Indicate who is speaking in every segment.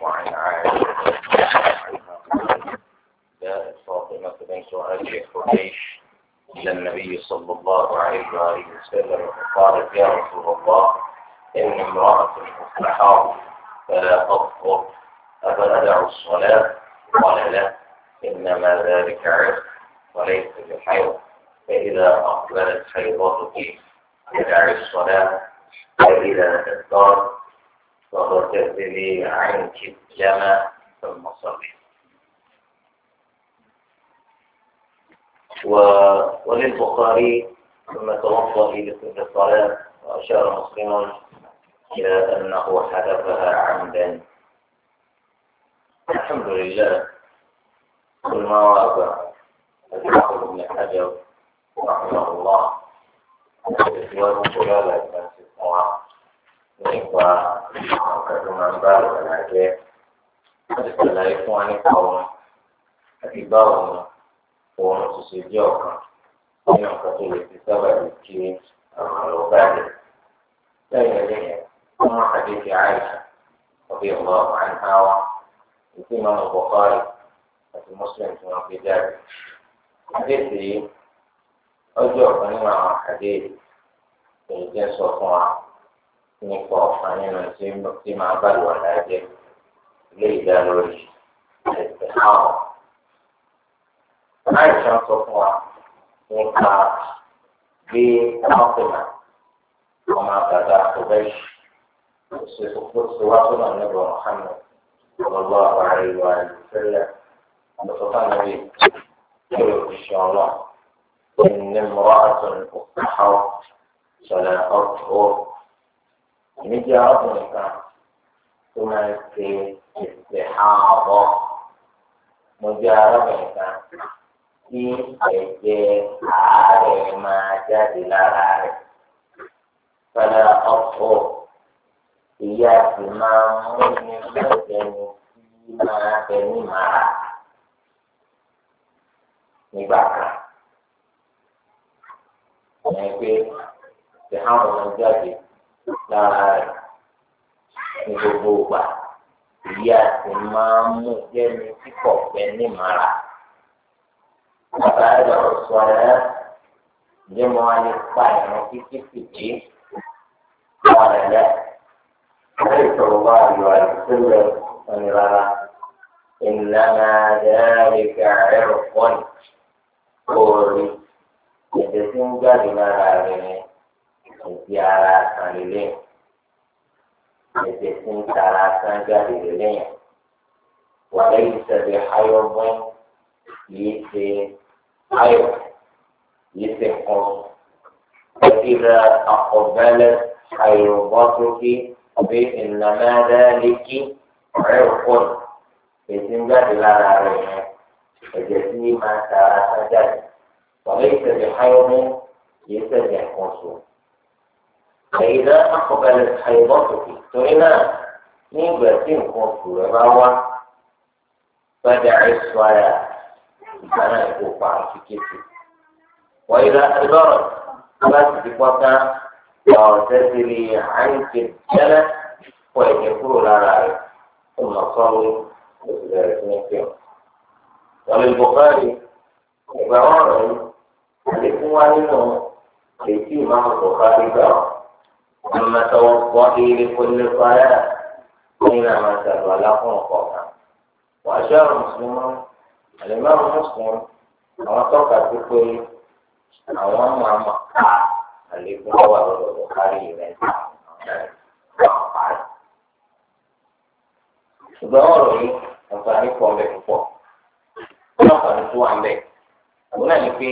Speaker 1: وعن عائشة جاءت فاطمة بنت أبي حبيش إلى النبي صلى الله عليه وآله وسلم فقالت يا رسول الله إن امرأة مصلحة فلا تطهر أفأدع الصلاة قال لا إنما ذلك عرق وليس بحيض فإذا أقبلت حيضتك فدع الصلاة وإذا تدبرت واعتزلي عنك الجمع ثم صلي
Speaker 2: وللبخاري
Speaker 1: ثم توفى توضأ لكل الصلاة وأشار مسلم إلى أنه حذفها عمدا الحمد لله كل ما وافق الحافظ بن حجر رحمه الله كلها لا يمسك nípa ọ̀kan tó máa ń bá àlùwàlá jẹ́ wọ́n ti ṣàlàyé fún wa nípa wọn àti báwo ni òun ti ṣe jẹ́ ọ̀kan nínú nǹkan tó lè fi sábà lè kí àwọn àlọ́ bàjẹ́ lẹ́yìn ẹlẹ́yìn wọ́n máa kàdé ti àìsàn ọ̀bí ọ̀gá ọ̀gá ń ká wa ìpín máa ń bọ̀ àti mùsùlùmí tí wọ́n fi jáde. àdéhùn yìí ọjọ́ ọ̀kan nínú àwọn àdéhùn èyí nípa ọ̀kan nínú tí máa bá lò lájẹ́ ilé ìdálórí ẹ̀sẹ̀ àwọn. Àìsàn sọ fún wa nípa bí Alpina ọmọ àgbàdo àkọ́bẹ́sì òṣèlú wa tó náà nígbà Mùhàmmad ọlọ́gbọ́ àwọn àríwá ìfẹ́lẹ̀ àbùsọ̀tà nàbí kí o fi ṣe ọlọ́ إن امرأة أخرى صلاة أخرى èmi jẹ́ ọkùnrin kan tó máa ń ṣe ẹ̀sẹ̀ ààbọ̀ mo jẹ́ arábìnrin kan tí ẹ̀jẹ̀ àárẹ̀ máa jáde lára rẹ̀ fẹ́lẹ́ ọ̀pọ̀ ìyá sì máa ń mú ní lẹ́sẹ̀ ní tí máa bẹ ní màrà nígbà kan. Ẹ̀yin pé ìhàmù náà jáde lára rẹ̀ ní gbogbo ìgbà èyí àti máa ń mú jẹ́ni tí kò fẹ́ ní màrà. Bàbá rẹ̀ ò sọ ẹ́ ǹjẹ́ mo wá lè pa ìran títí fìdí lára rẹ̀ lẹ́. Bẹ́ẹ̀ sọ̀rọ̀ bá àlọ́ àìsílẹ̀ ọ̀nì rárá. Ìlànà àdáyẹ̀rẹ̀ kàrẹ́ rọ̀ pọ̀ ní. Oòrùn ìdẹ̀sí ń jáde lára rẹ̀ yẹn òbí ara kan lélẹ̀ ẹ̀jẹ̀ tí ń tara kan jáde lélẹ̀ wà lẹ́yìn ìṣẹ̀lẹ̀ ayọ̀gbọ́n kìí ṣe ayọ̀ kìí ṣe kan ẹ̀kíra àkọ́bẹ́lẹ̀ ayọ̀gbọ́n tó kí bí ìnàmẹ́rẹ́ lékí ọ̀rẹ́ òkun ètí ń jáde lára rẹ̀ yẹn ẹ̀jẹ̀ tí máa tara kan jáde wà lẹ́yìn ìṣẹ̀lẹ̀ ayọ̀gbọ́n kìí ṣẹ̀lẹ̀ kan sùn. فإذا أقبلت حيضتك تعنا نيبتين قصر روا فدع الصلاة أنا يقوف على فكرتي وإذا أدبرت فلا تتقطع وتدري عنك الجنة وإن يكون لا رأي ثم صلي وللبخاري عبارة عن الإخوان التي إمام البخاري قال أما توضئي لكل صلاة حينما سر لكم قوما وأشار مسلم الإمام مسلم وأتوقع بكل أوام مقطع اللي هو البخاري من ṣùgbọ́n ọ̀rọ̀ yìí àǹfààní pọ̀ ń bẹ púpọ̀ wọ́n àǹfààní tó wà ń bẹ òun náà ni pé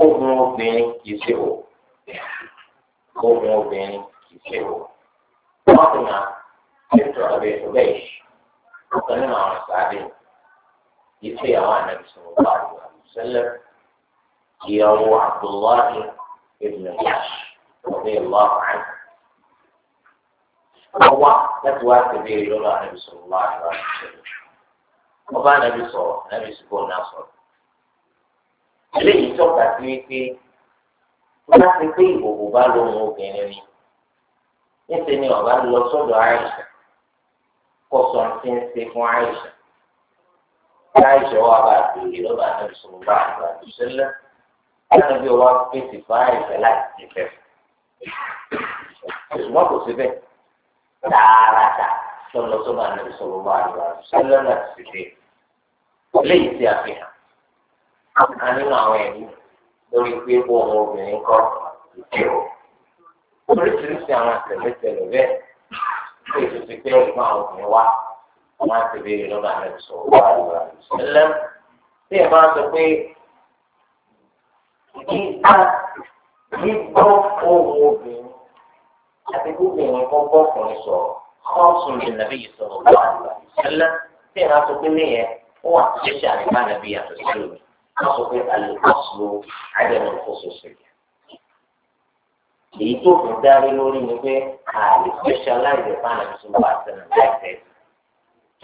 Speaker 1: obìnrin kì í ṣe obìnrin You kì í ṣe wò ọkùnrin ètò ọbẹ̀ ìfọ̀bẹ̀ yìí ọkàn nínú àwọn sáré kì í ṣe àwọn ànábì sọ̀rọ̀ bá àwọn àbùsẹ́lẹ̀ ìyàwó Abdullahi ibn Yash ọbẹ̀ ìlú àwọn ọwọ́ láti wá tẹ̀lé lọ́dọ̀ ànábì sọ̀rọ̀ bá àwọn àbùsẹ́lẹ̀ ọba ànábì sọ̀rọ̀ ànábì sọ̀rọ̀ náà sọ̀rọ̀ eléyìí tọ́ka sí wípé. tó bá ti pé ìhòòhò bá lóhun obìnrin ni níṣẹ́ ni ọ̀gá lọ sọ́dọ̀ àìsà kó sọ ti ń ṣe fún àìsà tí àìsà wà bá béèrè lọ́ba àti sọ̀rọ̀ bá àgbà tó ṣẹlẹ̀ láti bí wọ́n fèsì fún àìsà láti ti fẹ́ ṣùgbọ́n kò síbẹ̀ tààràtà tó lọ sọ́dọ̀ àti sọ̀rọ̀ bá àgbà tó ṣẹlẹ̀ láti ti fẹ́ léyìí ti àfihàn àti nínú àwọn ẹ̀mí lórí pé ohun obìnrin kọ́ ìkẹ́ o. oríṣiríṣi àwọn àtẹ̀lẹ́tẹ̀lẹ̀ bẹ́ẹ̀ ló èso ti pé ọgbọ́n àwọn obìnrin wá wọ́n á ti béèrè lọ́dọ̀ àrẹ sọ wá ìwà ìṣẹ̀lẹ̀. tí ẹ̀ máa sọ pé ìdíkà gbígbọ́ ohun obìnrin àti gbóbìnrin kọ́ bọ́ọ̀kùnrin sọ̀rọ̀ kọ́ọ̀sùn lè nàbí ìsọ̀rọ̀ wá ìwà ìṣẹ̀lẹ̀. tí ẹ̀ máa sọ pé níyẹn ó wà ṣẹ̀ṣẹ̀ àríwá nàbí yàtọ̀ sí lómi. أصل الأصل عدم الخصوصية èyí tó kún dárí lórí ni pé ààrẹ specialize fún àwọn tó ń bá sẹ́nu láìpẹ́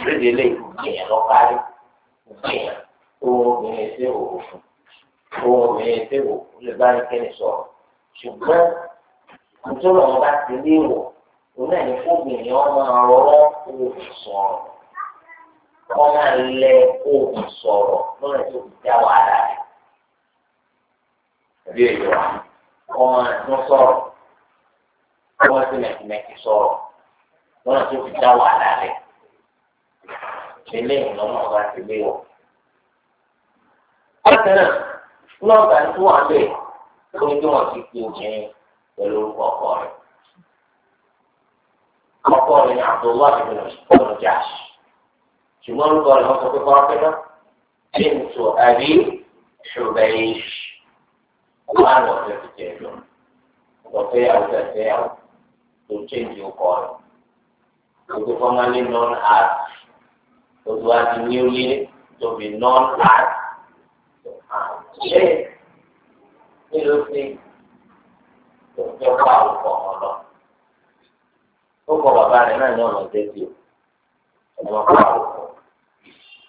Speaker 1: lédè lè gbìyàn lọ kárí gbìyàn ohun obìnrin ṣe òwò fún ohun obìnrin ṣe òwò lè bá ní kẹ́ni sọ̀rọ̀ ṣùgbọ́n nítorí àwọn bá ti léèwọ̀ òun náà ní fóbìnrin ọmọ ọ̀rọ̀ owó sọ̀rọ̀ ọmọ ilẹ̀ oògùn sọ̀rọ̀ lọ́nà tó fi dá wàhálà rẹ̀. Ẹbí èyí wa, ọmọ ẹ̀sùn sọ̀rọ̀, ọmọ ẹ̀sùn mẹ̀kìmẹ̀kì sọ̀rọ̀ lọ́nà tó fi dá wàhálà rẹ̀. Eléyìí lọ́nà ọba ti lé wọ̀. Bákan náà, lọ́ọ̀gá tó wà bẹ́ẹ̀ ló ní bí wọ́n ti obìnrin pẹ̀lú orúkọ ọkọ rẹ̀. Ọkọ rẹ̀ ni Abdullahi bin Ọ̀nà Jáṣì ṣùgbọ́n ń kọ́ ọ̀nà ọkọ̀ pípa ọ́pẹ́lá bíntù àbí ṣùgbẹ́yìí wà ní ọ̀sẹ̀ ti tẹ̀ lọ. Ọ̀fẹ́ àwùjọ ẹ̀fẹ́ àwù tó chéǹjì ọkọ̀ rẹ̀. Gbogbo fọ́nmálì non art gbogbo àti níwlé tó fi non art. Ṣé kí ṣe tó pa ọkọ̀ wọn lọ? Ó kọ bàbá rẹ̀ náà ní ọ̀nà ìdẹ́sí o. Ẹ̀wọ̀n pa ọkọ̀.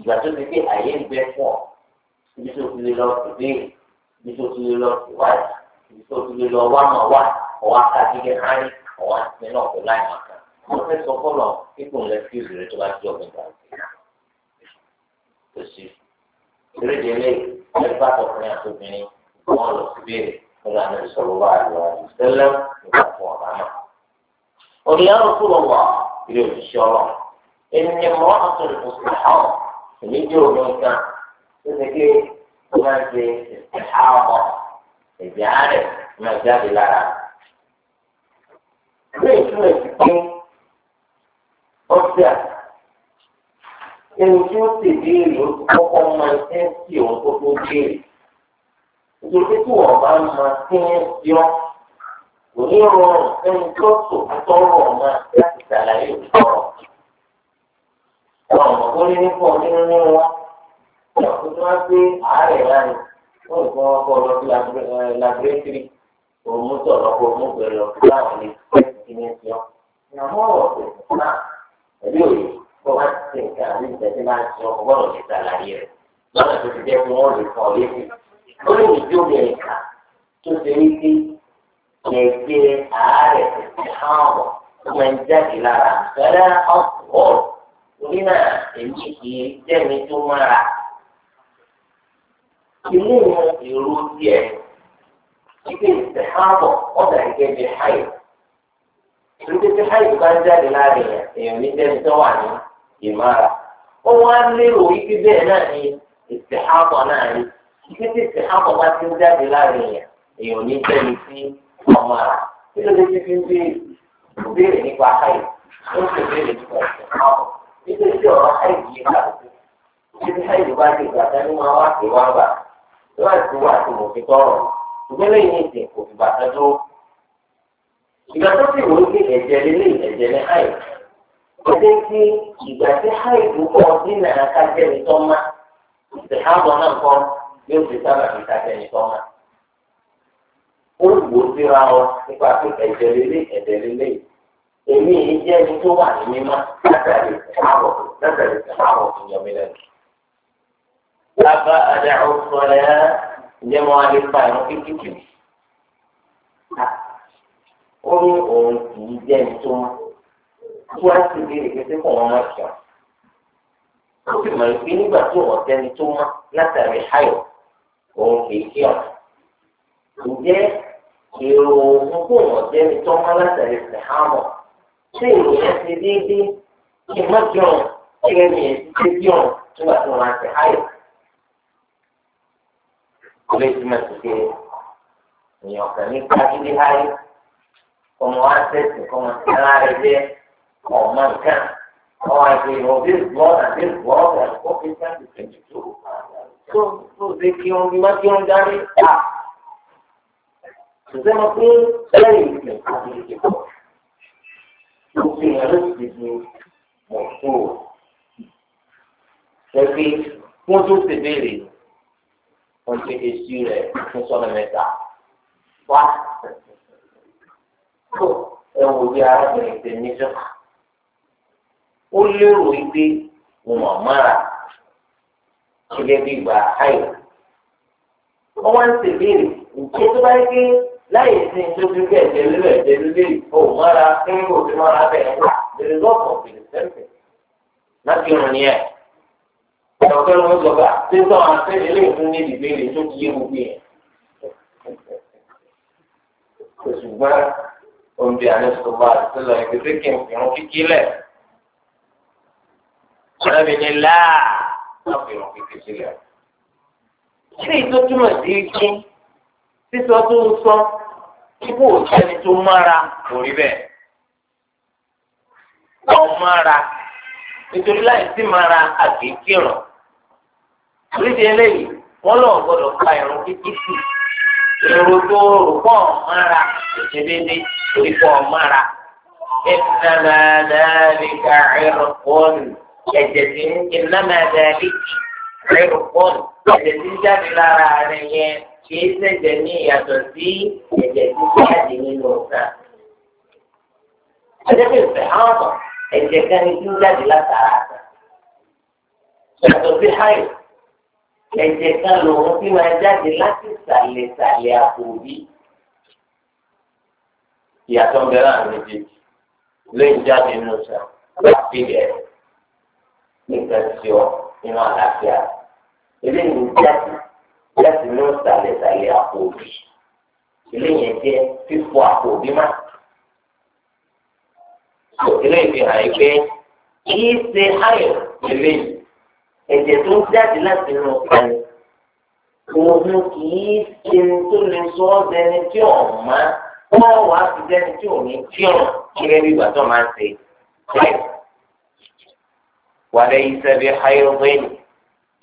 Speaker 1: ìgbà tó ti pé àyè ń bẹ pọ̀ ibi tó ti lè lọ ìbéèrè ibi tó ti lè lọ ìwádìí ibi tó ti lè lọ wá máa wá ọwọ́ akájígẹ́ hánì ọwọ́ àti náà kò láì máa kàn wọ́n fẹ́ sọ fọ́lọ̀ kíkù ń lẹ fi ìrè tó bá ti ọ̀gbìn gbà tó sì ìrèdè lé ẹgbẹ́ àtọkùnrin àtọkùnrin wọn lọ sí béèrè nígbà náà sọ̀rọ̀ wá àlọ́ àdìsẹ́lẹ̀ nígbà fún ọ̀gá náà. òní àrùn kúrò wà ilé òṣìṣẹ́ ọlọ́run ẹni mọ́ àtọ̀rẹ̀ kò èmi jẹ́ òun kan tó ṣe pé ó máa ń ṣe ẹ̀ka ọkọ ẹ̀jẹ̀ àárẹ̀ máa jáde lára. Ilé ìtumọ̀ ti pín ọjà ẹni tí ó sì béèrè ọkọ̀ máa ń tẹ́ sí òun tó tó béèrè. Ìjọba tí wọ́n bá máa tí ń yọ kò ní rọrùn ẹni tó sòkòtò rọ̀ máa láti ṣàlàyé ìtọ́rọ̀ wọn ò kó ní nípò nínú nínú wọn wọn kò tó wá pé àárẹ̀ láàyè wọn ò kó wọn kọ lọ sí laboratory òun mú sọ̀rọ̀ kó mú bẹ̀rẹ̀ lọ sí àwọn ilé ìgbésí ní ìṣọ́ ìyàwó ọ̀rọ̀ tó ná ẹbí òye kó wá ti ṣe nǹkan àbí ìgbésí máa ń ṣe ọkọ̀ gbọ́dọ̀ ti ṣàlàyé rẹ̀ lọ́nà tó ti jẹ́ fún wọn lè kọ́ létí ó ní tí ó bẹ̀rẹ̀ tó ṣe wí pé kẹ̀kẹ́ àárẹ̀ ti hàn wọ̀ ó máa jáde lára fẹ́rẹ́ ọ̀pọ̀ torí náà èmi kì í jẹ́mi tó mára inú ìró díẹ̀ ibi ìsèhábọ̀ ọ̀dà ìgbẹ́ bí háyì ìrúkú tí háyì bá ń jáde láàrin yẹn èèyàn mi jẹ́mi tó wà ní ìmára ó wá lérò ibi bẹ́ẹ̀ náà ní ìsèhábọ̀ náà ní ibi ìsèhábọ̀ bá ti ń jáde láàrin èèyàn mi jẹ́mi sí ọmọ ara kí ló dé tí fi ń béèrè nípa háyì ó sì béèrè nípa ìsèhábọ̀ nítorí tí ọ̀rọ̀ àìsí yìí kà lóko níbi àìsí bá ti gbà sẹ́ni máa wá sí wá gbà tó bá ti wá sí mòfin tọrọ ìgbélé yìí ti kò fi bàtà tó. ìgbà tó ti wò ó ní ẹ̀jẹ̀ lélẹ̀ ẹ̀jẹ̀ ní àìsí ó dé sí ìgbà tí àìsí kọ́ nínú àkàtẹ́ni tó má ìsèhábọ̀ náà kọ́ yóò fi sábà fi kàtẹ́ni tó má. ó wò ó síra ọ nípa pé ẹ̀jẹ̀ lélẹ̀ ẹ̀jẹ̀ lélẹ̀ yìí èmi yìí jẹ́ ẹni tó wà ní mímọ́ látàrí àwọ̀ látàrí àwọ̀ ìyọ̀mí lábá adáhùn sọ̀rọ̀ ǹjẹ́ mo wá lè pa ẹ̀rọ kékeré. ó ní òun kì í jẹ́ ẹni tó mọ́. tí wọ́n ti di ìgbésẹ̀ fún wọn máa sọ. ó sì mọ̀ pé nígbà tí wọ́n jẹ́ ẹni tó mọ́ látàrí ayọ̀ òun kì í kí ọ̀nà. ǹjẹ́ èrò òun kò wọ́n jẹ́ tó mọ́ látàrí ìsìn ṣé ìyẹn ti dédé kí kan ní kájílé háyọ̀ ọmọ wa tẹ̀sí kọ́ ti ara rẹ̀ jẹ́ nǹkan ọmọ àti ìrọ̀bí ìgbọ́n àti ìgbọ́n àti ìkọ́fíì sáàtì tẹ̀sí tó tó tó ṣe kí wọ́n bí má kí wọ́n dárí ta. Ṣùgbọ́n pé ẹ̀rì ìgbẹ́ àti ìgbẹ́ o yẹn ló ti di mọ̀tò ṣẹ́bí wọ́n tó ṣe béèrè wọ́n ṣe èsì rẹ̀ fún sọ́nà mẹ́ta wá tó ẹ wò bí arábìnrin ṣe níjọ́ ó lérò wípé òun àmàrà gẹ́gẹ́ bí ìgbà àìsàn wọ́n wá ń ṣe béèrè nǹkan láì sí nítorí kẹ́ ẹ̀jẹ̀ lélẹ̀ ẹ̀jẹ̀ lélẹ̀ ò mọ́ra kí n kò fi mọ́ra bẹ́ẹ̀ wá lórí lọ́pọ̀ fìlẹ̀ sẹ́ńtẹ̀ láti rìn ní ẹ̀. ọ̀kẹ́ ló ń sọ pé àtẹ́sọ́ àtẹ́sẹ́ lè fún ní ìbéèrè tó ti yé gbogbo yẹn. ṣùgbọ́n oúnjẹ àlẹ́sọ̀gbà àtẹ́sọ̀ ìgbésẹ̀ kì í fìrún kíkí lẹ̀. ọ̀rẹ́mi ni láà wọ́n fìrún kíkí sílẹ̀. kí ni ìtọ́jú mọ̀ sí kí sísọ tó ń sọ ibò sẹ́ni tó mára kò rí bẹ́ẹ̀. Wọ́n mára nítorí láì sí mára àgbékè rọ̀. Oríṣi eléyìí wọ́n lọ gbọ́dọ̀ ka ìrún kíkí sí. Èrò tó rò pọ̀ mára ètè lórí pọ̀ mára. Ìnáma dáadé ka ẹ̀rọ pọ́ọ̀nù ẹ̀jẹ̀ tí ń ìnáma dáadé ẹ̀rọ pọ́ọ̀nù ẹ̀jẹ̀ tí ń jáde lára rẹ̀ yẹn kìí ṣẹ̀jẹ̀ ní ìyàtọ̀ sí ẹ̀jẹ̀ tó jáde nínú ọ̀sán. Àjẹ́bí ìfẹ́ àwọn ọ̀sán ẹ̀jẹ̀ kan ní kí ó jáde látara àgbà. Yàtọ̀ sí háì, ẹ̀jẹ̀ kan lòun fi máa jáde láti ìsàlẹ̀ ìsàlẹ̀ àpò òbí. Ìyàtọ̀ ń bẹ láàrin méjèèjì lóyún jáde nínú ọ̀sán láti bẹ̀rẹ̀ nígbà tí ó nínú àlàáfíà. Eléyìí ń jáde láti mú sàlẹ̀sàlẹ̀ àpò òbí eléyìí jẹ́ fífọ àpò má. eléyìí fi hàn pé kìí ṣe ayọ̀ eléyìí ẹ̀jẹ̀ tó ń jáde láti inú pani òun kìí ṣe tó lè sọ ọ́ dẹni tí ò má wọ́n wà á fi dẹni tí ò ní tí ò kíkẹ́ bí ìgbà tó máa ń ṣe ayọ̀. yìí sẹ́bi ayọ̀ bẹ́ẹ̀ ni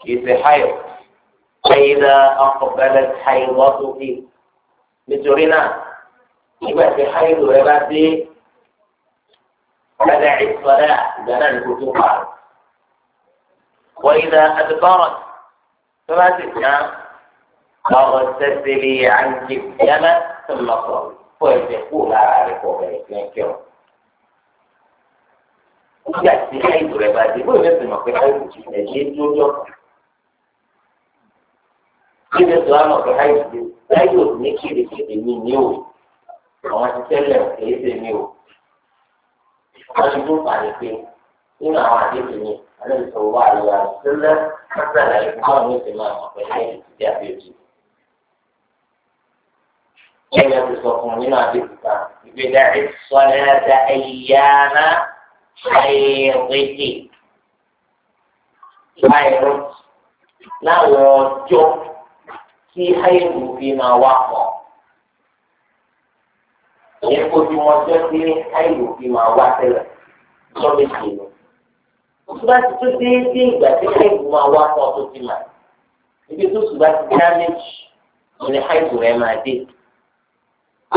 Speaker 1: kìí ṣe ayọ̀. فإذا أقبلت حيضته مثلنا إما في حيض وإما في مدع الصلاة لنا الكتب وإذا أدبرت فما تسمع فاغتسلي عنك الدم ثم صلي ويتقول عليك وبيتك يوم. يأتي حيث العبادة ويأتي مقرأة الجيد يوم kí ni tó àmọ̀ pé láì sí láì yóò ní kéde-kéde ní ní o àwọn ti tẹ́lẹ̀ kìí ṣe ní o. wọ́n ti dún pàdé pé nínú àwọn àdéhùn ni alẹ́ ìṣòro wà lóra sílẹ̀ kápẹ́ àlàyé fún àwọn oníṣẹ́ máa mọ̀ pé láì sí ti àbíòjì. ẹ̀yà ti dun pade pe ninu awon adehun ni wa lora sile fun awon onise maa ti so fun un nínú àdéhùn ayẹyẹ láwọn ọjọ́ tí àìsàn fi máa wà pọ̀. Ìyẹn kojú wọn jẹ́ pé àìsàn fi máa wá tẹ́lẹ̀ lọ́dún ìṣèlú. Oṣùbá ti tó déédéé ìgbà tí àìsàn máa wá pọ̀ tó ti mà. Ibi tó ṣùgbọ́n ti dá méjì ni àìsàn rẹ̀ máa dé.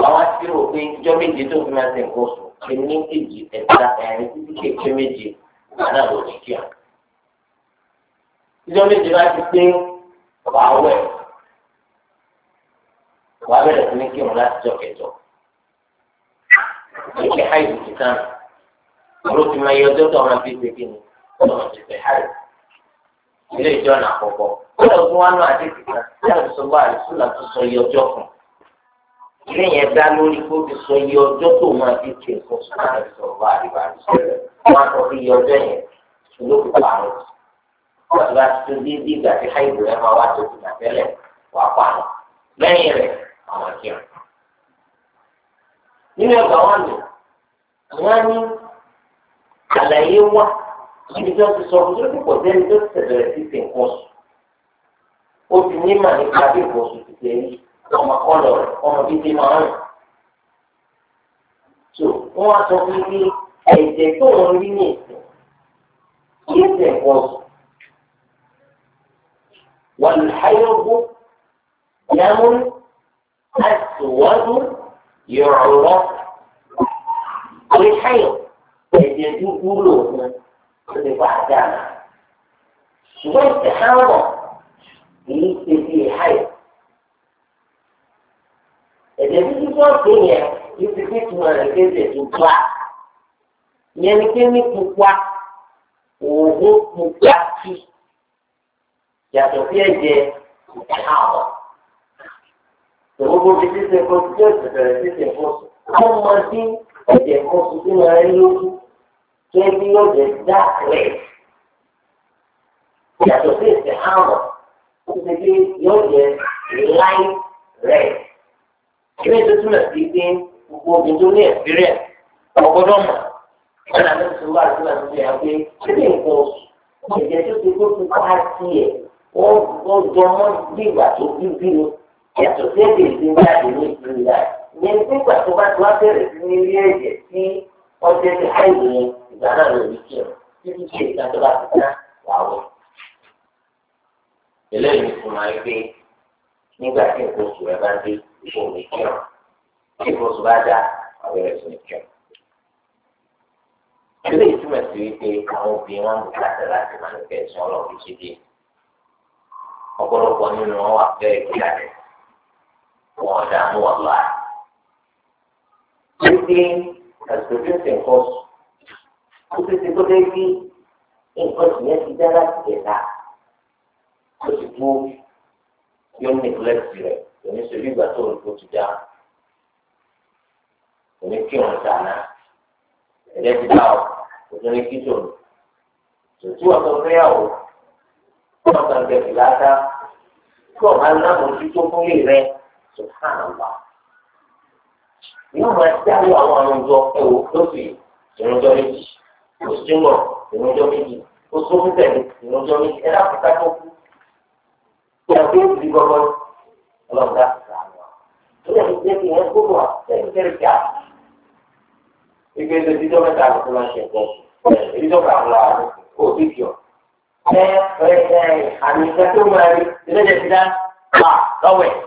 Speaker 1: Àwọn ti rò pé ìjọ méje tó fi máa ṣe nǹkan oṣù ṣe ní èjì ẹ̀ta ẹ̀rin títí kékeré méje àná lòdì kíá. Ìjọ méje máa ti pé wàá wẹ̀ wà á bẹ̀rẹ̀ sí ní kírun láti jọ kẹjọ. ìpè háìdì ti tán ọ̀rọ̀ ti máa yọ ọjọ́ tó ọmọ bíi ṣèkí ni ọmọ ti fẹ́ háìdì. ilé ìjọ náà kọ̀kọ́ ó lọ fún wánú àdéhùn kan láti sọ bá àdìsúlà tó sọ iye ọjọ́ kan. ilé yẹn dá lórí kó fi sọ iye ọjọ́ tó máa fi ṣe nǹkan sọ́nà àdìsọ̀rọ̀ bá àdìbà àdìsọ̀rọ̀ wọn kọ́ iye ọjọ́ yẹn olókùn pààrọ̀ wọ́n ti bá ti tó dé àwọn kí ọ. nínú ọgbà wọn nù wọn ní àlàyé wa níbi tí wọn ti sọ fún tó dúpọ̀ sẹ́ni tó ti bẹ̀rẹ̀ sí ti nǹkan sùn ó ti ní mà nípa bí nǹkan sùn ti tẹ̀ ọmọ kọlọ rẹ ọmọ bíbí máa ń tó wọn sọ fún mi ẹ̀jẹ̀ tó ń rí ní ìsìn kí ẹ̀jẹ̀ nǹkan sùn. والحيض دم أسود يعرف بالحيض ẹ̀jẹ̀ dúdú lòun ti wá dáná ṣùgbọ́n ìtẹ̀háwọ̀ kìí ṣe bí ìháyọ̀ ẹ̀jẹ̀ dúdú tó ń pè yẹn kìí ṣe bí ìtumọ̀ rẹ̀ kéde tuntun a yẹn ni pé ní pupa òògùn pupa kí yàtọ̀ sí ẹ̀jẹ̀ ìtẹ̀háwọ̀ gbogbo ti ti sẹ́kọ̀ tí ó ti bẹ̀rẹ̀ sí sẹ́kọ̀ sùn wọ́n máa dín ẹ̀jẹ̀ kan sùn máa ń lójú tó bí yóò jẹ́ dark red yàtọ̀ sí ẹ̀sẹ̀ àmọ̀ ó ti bí yóò jẹ́ light red ilé tó túmọ̀ sí pé gbogbo omi tó ní experience ọgbọ́dọ̀ mọ̀ wọn àti ìṣòro àti ìṣòro àti ìṣòro pé kí ni nǹkan oṣù ẹ̀jẹ̀ tó ti kó ti pa á ẹ̀ wọ́n yàtọ̀ sí èdè ìdíjáde ní ìpínlẹ̀ ní nígbà tó bá ti wá bẹ̀rẹ̀ sí ní ilé ẹ̀jẹ̀ tí wọ́n jẹ́ ti àìlè ìgbà náà lórí kí ọ títí tí ìgbà tó bá ti ná wà wọ̀. eléyìí fún wa pé nígbà tí nǹkan oṣù rẹ bá dé ìṣòro ní kí ọ tí nǹkan oṣù bá dá àwẹ̀rẹ̀ sí ní kí ọ. eléyìí túmọ̀ sí wípé àwọn obìnrin wọn mú káàtà láti máa ń bẹ̀ẹ̀ sọ́ọ́lọ́ ọ̀pọ̀lọpọ̀ wọn ò dààmú ọ̀la. Títí àtúntò ṣe nǹkan sùn. Ó ti ti tó dé bí nǹkan sùn yẹn ti dá kẹta. Ó ti tó yóò neglect rẹ̀ òní ṣe bí ìgbà tó rò tó ti dá. Òní kí wọn dáná. Ẹ̀jẹ̀ ti dá ọ, òtún ní kíjọ. Tòtí wọn tó fẹ́ yà wò. Wọ́n kàn jẹ fìlà ká. Kí ọ̀ máa ń ná mọ̀jú tó fún lè rẹ̀ subhanallah yóò máa dáwọ́ àwọn àrùnjọ ẹ̀wò lóṣù ìrùnjọ méjì oṣù tó méjì oṣù tó méjì ẹ̀ lákòókò tó kú ìyàwó yóò di gbọ́gbọ́ ọlọ́dà sàánù tó lè ní pé kí wọ́n gbogbo àtẹ̀yìn fẹ́rẹ̀ kí a ìgbésẹ̀ ìdíjọ́ mẹ́ta ló máa ṣe ẹ̀kọ́ ìdíjọ́ kan lọ àrùn kó o dìjọ. ẹ ẹ ẹ àmì ìfẹ́ tó máa rí ilé ìjẹ́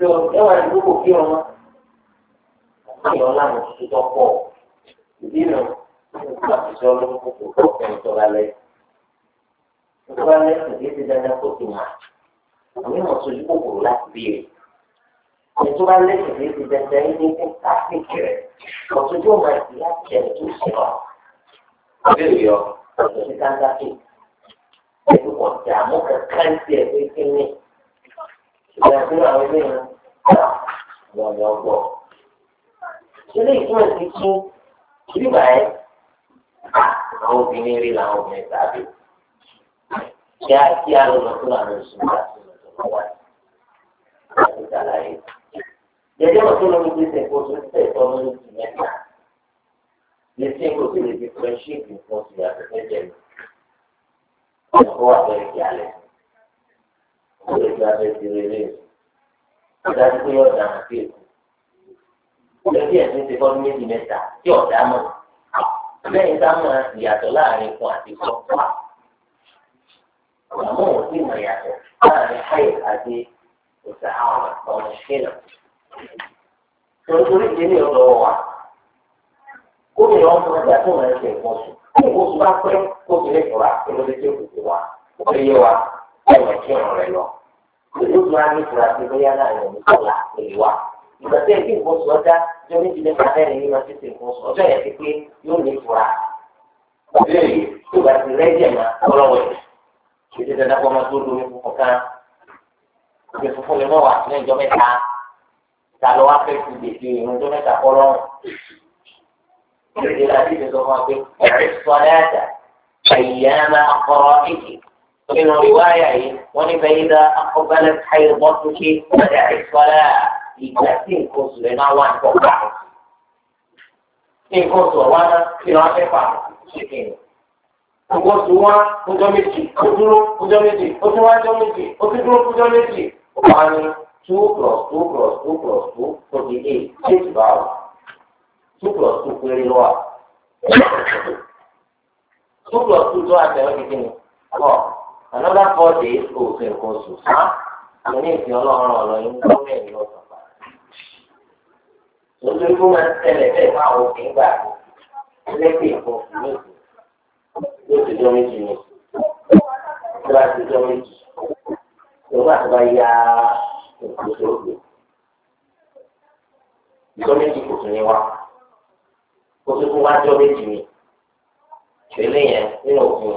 Speaker 1: tí ọ ẹ wà ní kókò kí ọmọ àti ọlá mi ti tọ́ pọ̀ ìdí nà nípa àtijọ́ ló ń kókò tó fẹ́ ìtọ́ra lẹ ìtọ́ra lẹ kò dé ti dandan kó ti mà àmì mọ̀ sojú kòkòrò láti bèèrè ìtura lẹ́sìn lè ti dandan ní ní káfíńkì rẹ̀ ọ̀tún yóò máa di láti ẹni tó ṣe wà. àbí òyò ọ̀tún ti dáńdá tó ẹ̀dùn ọ̀dà mú kankan sí ẹgbẹ́ kínní ìyá sí àwọn ilé yẹn gbà wọn ni àwọn obìnrin rí làwọn obìnrin tàbí kí á kí á lọ ìṣúná àti ìṣúná wà láti ṣàlàyé. Jẹjẹ wọn tó lọ ní gbèsè kó tó tẹ̀ tọ́ lórí ti mẹ́ta. Gbèsè kó tó lè fi fẹ́ ṣéèkì fún ti àtẹ̀tẹ̀ jẹ. Ọ̀pọ̀ àbẹ̀rẹ̀ kí á lẹ̀ kó lè gba abẹ́ ti rere ìdá pé ọ̀dà àti èkó lẹ́bí ẹ̀sìn ti fọ́dún méjì mẹ́ta tí ọ̀dà mọ̀ lẹ́yìn tá mọ̀ ìyàtọ̀ láàrin ikun àti kọ́pà àmọ́ òun sì mọ̀ ìyàtọ̀ láàrin háyè àti òsà àwọn ọ̀nà ṣẹlẹ̀ torí ìdílé ọ̀dọ̀ wa ó lè ọmọ ẹgbẹ́ tó ń rẹ̀ ṣe ìkọ̀sùn kí ìkọ̀sùn bá pẹ́ kó fi lè fura kí ló dé tí ó wa ó lè yé wa ẹ̀wọ̀n tí ọ̀rọ̀ rẹ̀ lọ. Ìlú tó wá ní ìfura sí bóyá láàrin òní kọ̀ọ̀la èyí wá. Ìgbà tí èyí nǹkan sọ dá jọ méjì lẹ́ka mẹ́rin ní wọn títí nǹkan sọ ọjọ́ yẹn ti pé yóò ní ìfura. Ọjọ́ yìí tó bá ti rẹ́jẹ̀ máa kọ́lọ́wọ́ ẹ̀. Ìdí dandan kọ́ máa tó lómi funfun kan. Ìgbè funfun lè mọ̀ wá ní ìjọ mẹ́ta. Ta lọ wá fẹ́ ti dèjì ìrún ìjọ mẹ́ta kọ́lọ́run. Ìdí dandan ti sọ fún wa pé ẹ̀rí sọ nínú ìwáyà yìí wọ́n ní bẹ́yìí dá akọ́bẹ́lẹ́ káyọ̀ bọ́ sókè ọ̀dà ìfọ́lá ìgbà tí nǹkan oṣù rẹ̀ máa wà ní ọ̀gá. nǹkan oṣù ọ̀wá náà kí wọ́n fẹ́ fà ṣèké ni. nǹkan oṣù wá ọjọ́ méjì ó dúró ọjọ́ méjì ó tún wá ọjọ́ méjì ó tún dúró ọjọ́ méjì ó wá ní two plus two plus two plus two forty eight six báwò two plus two péré lọ́wọ́ two plus two tó àtẹ̀wé kékeré kọ́ another four days kò sí nǹkan oṣù sá àmì ìsìn ọlọ́run ọ̀rọ̀ yìí ń gbọ́ mẹ́rin lọ sọ̀tà. lójú máa ń tẹ̀lé bẹ́ẹ̀ fún àwọn òkè ńgbà ẹlẹ́gbẹ̀ẹ́ nǹkan oṣù méjì ti jọ méjì ni tí wàá ti jọ méjì lọ́wọ́ àti bá ya nǹkan ògbè. ìjọ méjì kò tún ní wá kó tó wá jọ méjì ni ìṣẹ̀lẹ̀ yẹn nínú òfin.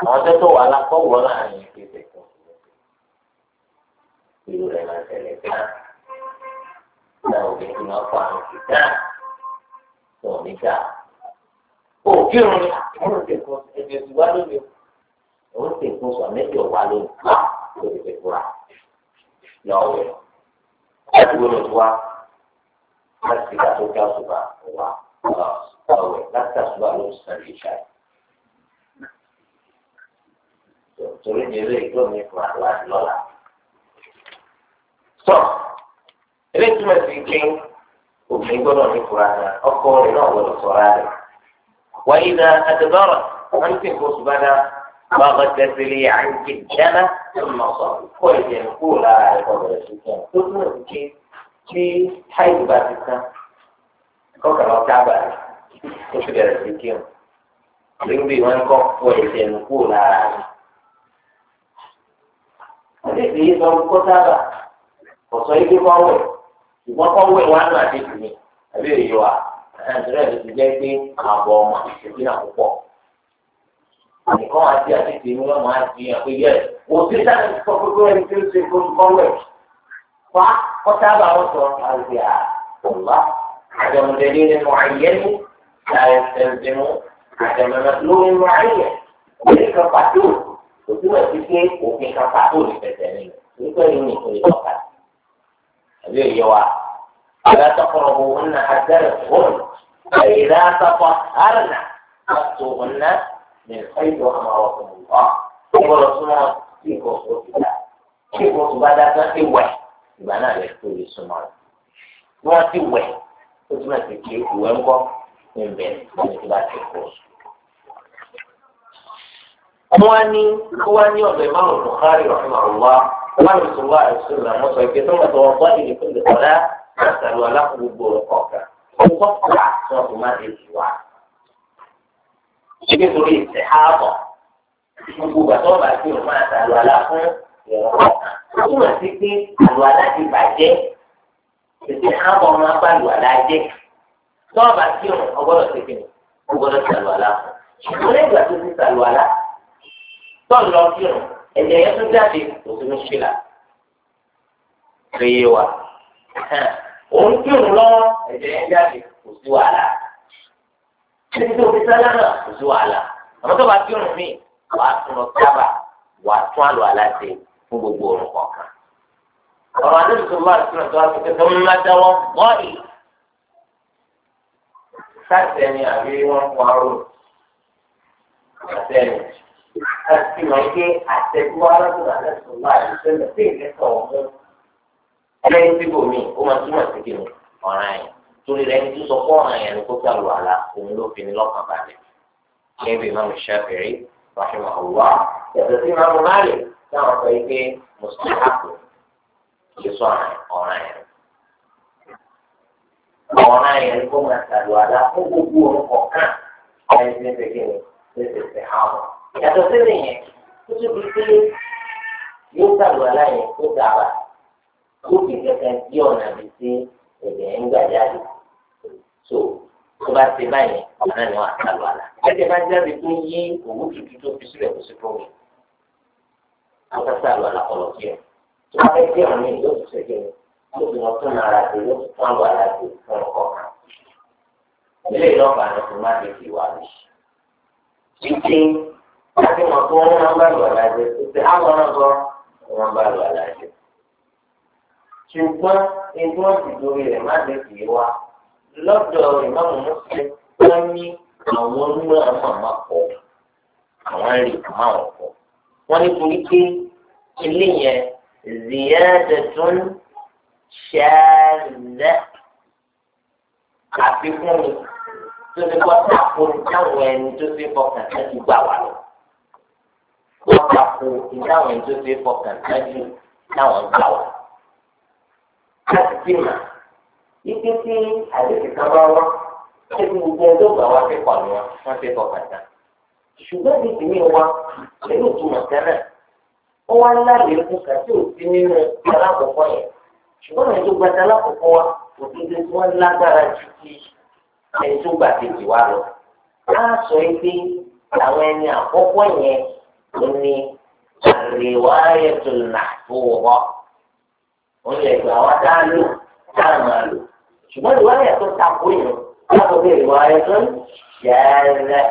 Speaker 1: àwọn tó tó wà lákọ̀wọ́ láàrin ìpèsè kan irú rẹ̀ máa tẹ̀lé tán náà òbí tí wọ́n fọ àrùn sí tán tó ní ká òkè òun ni àwọn òṣèkò ẹgbẹ́ ti wá lónìí òun ṣèkò sọ méjì ọ̀wá lónìí tó ti ṣèkò rà lọ́wọ́ ẹ̀ láti wọ́n lọ sí láti ṣe ká tó ká sùn bá wà. ìwé ni eléyìí tó ní fún àlọ́ àlọ́lá. sọ eléyìí túmọ̀ sí pé obìnrin gbọ́dọ̀ ní fúrana ọkọ rẹ̀ náà gbọ́dọ̀ sọ̀rọ̀ rẹ̀. wà ìdá àdìbọ́rọ̀ wọn ti kó subada máa bá tẹ̀sílẹ̀ àǹkì dáná lọ́sọ̀ kó ìjẹ́ kó lára rẹ̀ kọ̀ọ̀rọ̀ sí kẹ́ tó túmọ̀ sí pé tí táìlì bá ti tán kọ́kà lọ tábà rẹ̀ tó ti bẹ̀rẹ̀ sí kí wọn. lóyún bí wọ́n kọ́ fọ ìjẹ́ kó lára rẹ̀ àti ìdíyí sọ kó sábà kò sọ ibi kọ́wé ṣùgbọ́n kọ́wé wà nù àti ìdíyí àbí èyí wa nàìjíríà ló ti jẹ́ pé ààbọ̀ ọmọ ìṣèjì náà púpọ̀ nìkan àti àti ìdíyí wọn máa di àpé yẹ kò sí sáré sọ pé kó ẹni tó ń ṣe fún kọ́wé fa kó sábà wọn sọ àti àbọ̀lá عدم دليل معين لا يستلزم عدم مدلول معين وذكر قدوس kò túbọ̀ sí pé òfin kan pàtó ní pẹ̀tẹ̀ ni nípa ẹni ní ìpínlẹ̀ tọ́ka àbí òye wa ìlà tọkọrọ bò wọn nà àjẹrẹ fún ìlà tọkọ àrùnà àtò wọn nà ní ìfẹ́jọ àmàwọ̀ fún mi ọ ìgbọ́dọ̀ súnmọ́ sí ìkọ̀ọ̀sọ̀ ti dà sí ìkọ̀ọ̀sọ̀ bá dá tán ìwẹ̀ ìgbà náà lè tó lè súnmọ́ rẹ̀ wọ́n ti wẹ̀ ó wọ́n ní wọ́n ní ọ̀dọ̀ ìmáàmù Bukhari rahimahullah wọ́n ní sọ̀rọ̀ àìsílẹ̀ wọ́n sọ ìpè tó ń sọ ọgbọ́n ìlú fún ìdọ̀lá àtàlù alákòógbò ọ̀kà ọgbọ́n kọ́lá tí wọ́n fi máa ń èjì wá. ṣé torí ìṣẹ̀ ààbọ̀ gbogbo gbàtọ́ bá ti rò máa tàlù alá fún ìrọ̀kọ̀ ó túmọ̀ sí pé àlù alá ti bàjẹ́ ìṣẹ̀ ààbọ̀ máa bá àlù alá jẹ́ tọ́ọ̀bà tí ọgbọ́dọ̀ tọ́ọ̀nù lọ sí ọ̀rọ̀ ẹ̀jẹ̀ yẹn tó jáde kò sí ní ṣílá péye wa òun kírun lọ́wọ́ ẹ̀jẹ̀ yẹn jáde kò sí wàhálà títí tó fi sálá náà kò sí wàhálà àmọ́ tó bá kírun míì wàá tún lọ sábà wàá tún àlọ́ aláṣẹ fún gbogbo òrùn kọ̀ọ̀kan. ọ̀rọ̀ àdébí tó bá tún lọ sọ́wọ́ pé tó ń má dáwọ́ bọ́ọ̀lì sáàtì ẹni àbí wọ́n fún arúgbó àtẹ́yìn àti ìrànké àtẹ̀kùwá lọ́dún àlẹ́sọ̀lá ìṣẹ̀lẹ̀ sí ìlẹ́sọ̀ ọ̀hún. ẹlẹ́yìn síbò mi ó máa túmọ̀ sí kí ni ọ̀ràn yẹn torí rẹ̀ ní sísọ fún ọ̀ràn yẹn ni kó tà lù àlà òun ló fi ní lọ́kàn balẹ̀. kébì máa ń ṣàfẹ́rí wàhíwá ọ̀wá yàtọ̀ sí máa mú máàlì táwọn sọ yìí pé mùsùlùmí àpò kì í sọ ọ̀ràn yẹn. ọ̀ràn yẹn ni kó máa tà àlà fún gbogbo orúkọ kan ẹni tí ń yàtọ̀ sílẹ̀ yẹn tó tún fi pé yóò sàlùwàlá yẹn tó dà wá yóò ọ̀nà mi sí jáde so tó bá ti báyìí ọ̀nà ni wọ́n á sàlùwàlá ẹ̀jẹ̀ bá jáde tó yí òwú tutù tó fi sílẹ̀ kó sí fún mi wọ́n ká sàlùwàlá kọlọ̀ kí ẹ̀ tó bá fẹ́ ọ̀nà mi yóò tún ṣẹ̀jẹ̀ yóò tún lọ tún ara rẹ̀ yóò tún fún àlùwàlá fún ọkọ̀ kan ilé láti mọ̀ pé wọ́n máa ń bá lọ́la jẹ pé àwọn ọ̀rọ̀ wọn bá lọ́la jẹ. ṣùgbọ́n ẹni wọ́n ti dorí rẹ̀ má lè fi wá lọ́dọ̀ ìmáàmù mùsùlùmí wọ́n ní àwọn onímọ̀ àwọn àmà pọ̀ àwọn rí àwọn pọ̀. wọ́n ní torí pé ilé yẹn ziyadatun ṣáàzẹ àfikún ni tó ti kọ́ tako táwọn ẹni tó ti fọkàn tán ti gbà wà lọ ó tako ìdáhùn ẹjọ́ tó fọkàn sáájú táwọn gbà wá. láti fi mà ike tí àdéhùn kan bá wá ẹbí gbogbo ẹjọ́ gbà wá fẹ́ pàmò wá wọ́n fẹ́ fọkàn sá. ṣùgbọ́n ní ìdílé wa lẹ́yìn ìtumọ̀ sẹ́nà ó wá ńlá lẹ́kùn kan tí ò sí nínú alákọ̀ọ́kọ́ yẹn ṣùgbọ́n ẹjọ́ gbàtà alákọ̀ọ́kọ́ wa òdodo tí wọ́n lágbára ju ti ẹjọ́ gbàtẹ̀jì wa lọ. láàṣọ ẹgbẹ́ àwọn ẹni àkọ́kọ́ yẹn ó ní àríwáyẹ̀tò nàfọwọ́ ó ní ẹ̀gbà wa dá lò dá máa lò ṣùgbọ́n ìwáyẹ̀ tó takò yìí láti bí ìwáyẹ̀tò ṣẹ́ẹ́rẹ́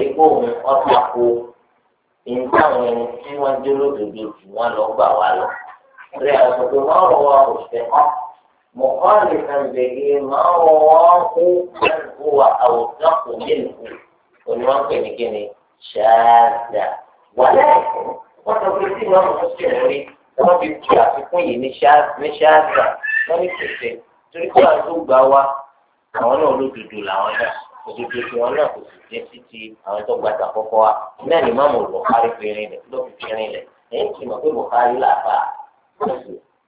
Speaker 1: èkó òun ọ̀tàkò ìtàwọn ẹni tí wọ́n dé lódodo jù wọ́n lọ gbà wá lọ. rẹ̀ àwọn máa rọ̀ wá òṣìṣẹ́ kan مخالفا به ما رواه من هو أوثق منه ونوقع كني شاذا ولكن وتوفيتين يوم مسلمين wọ́n fi ti àfikún yìí ní ṣáàtà wọ́n ní pèsè torí pé àwọn tó gbà wá àwọn náà olódodo làwọn náà òdodo tí wọn náà kò sì jẹ́ títí àwọn tó gbàgbà kọ́kọ́ wa náà ni mọ́mọ́ bùkárí fèrè rẹ̀ ló fi fèrè rẹ̀ ẹ̀yìn tí mo pé bùkárí làbà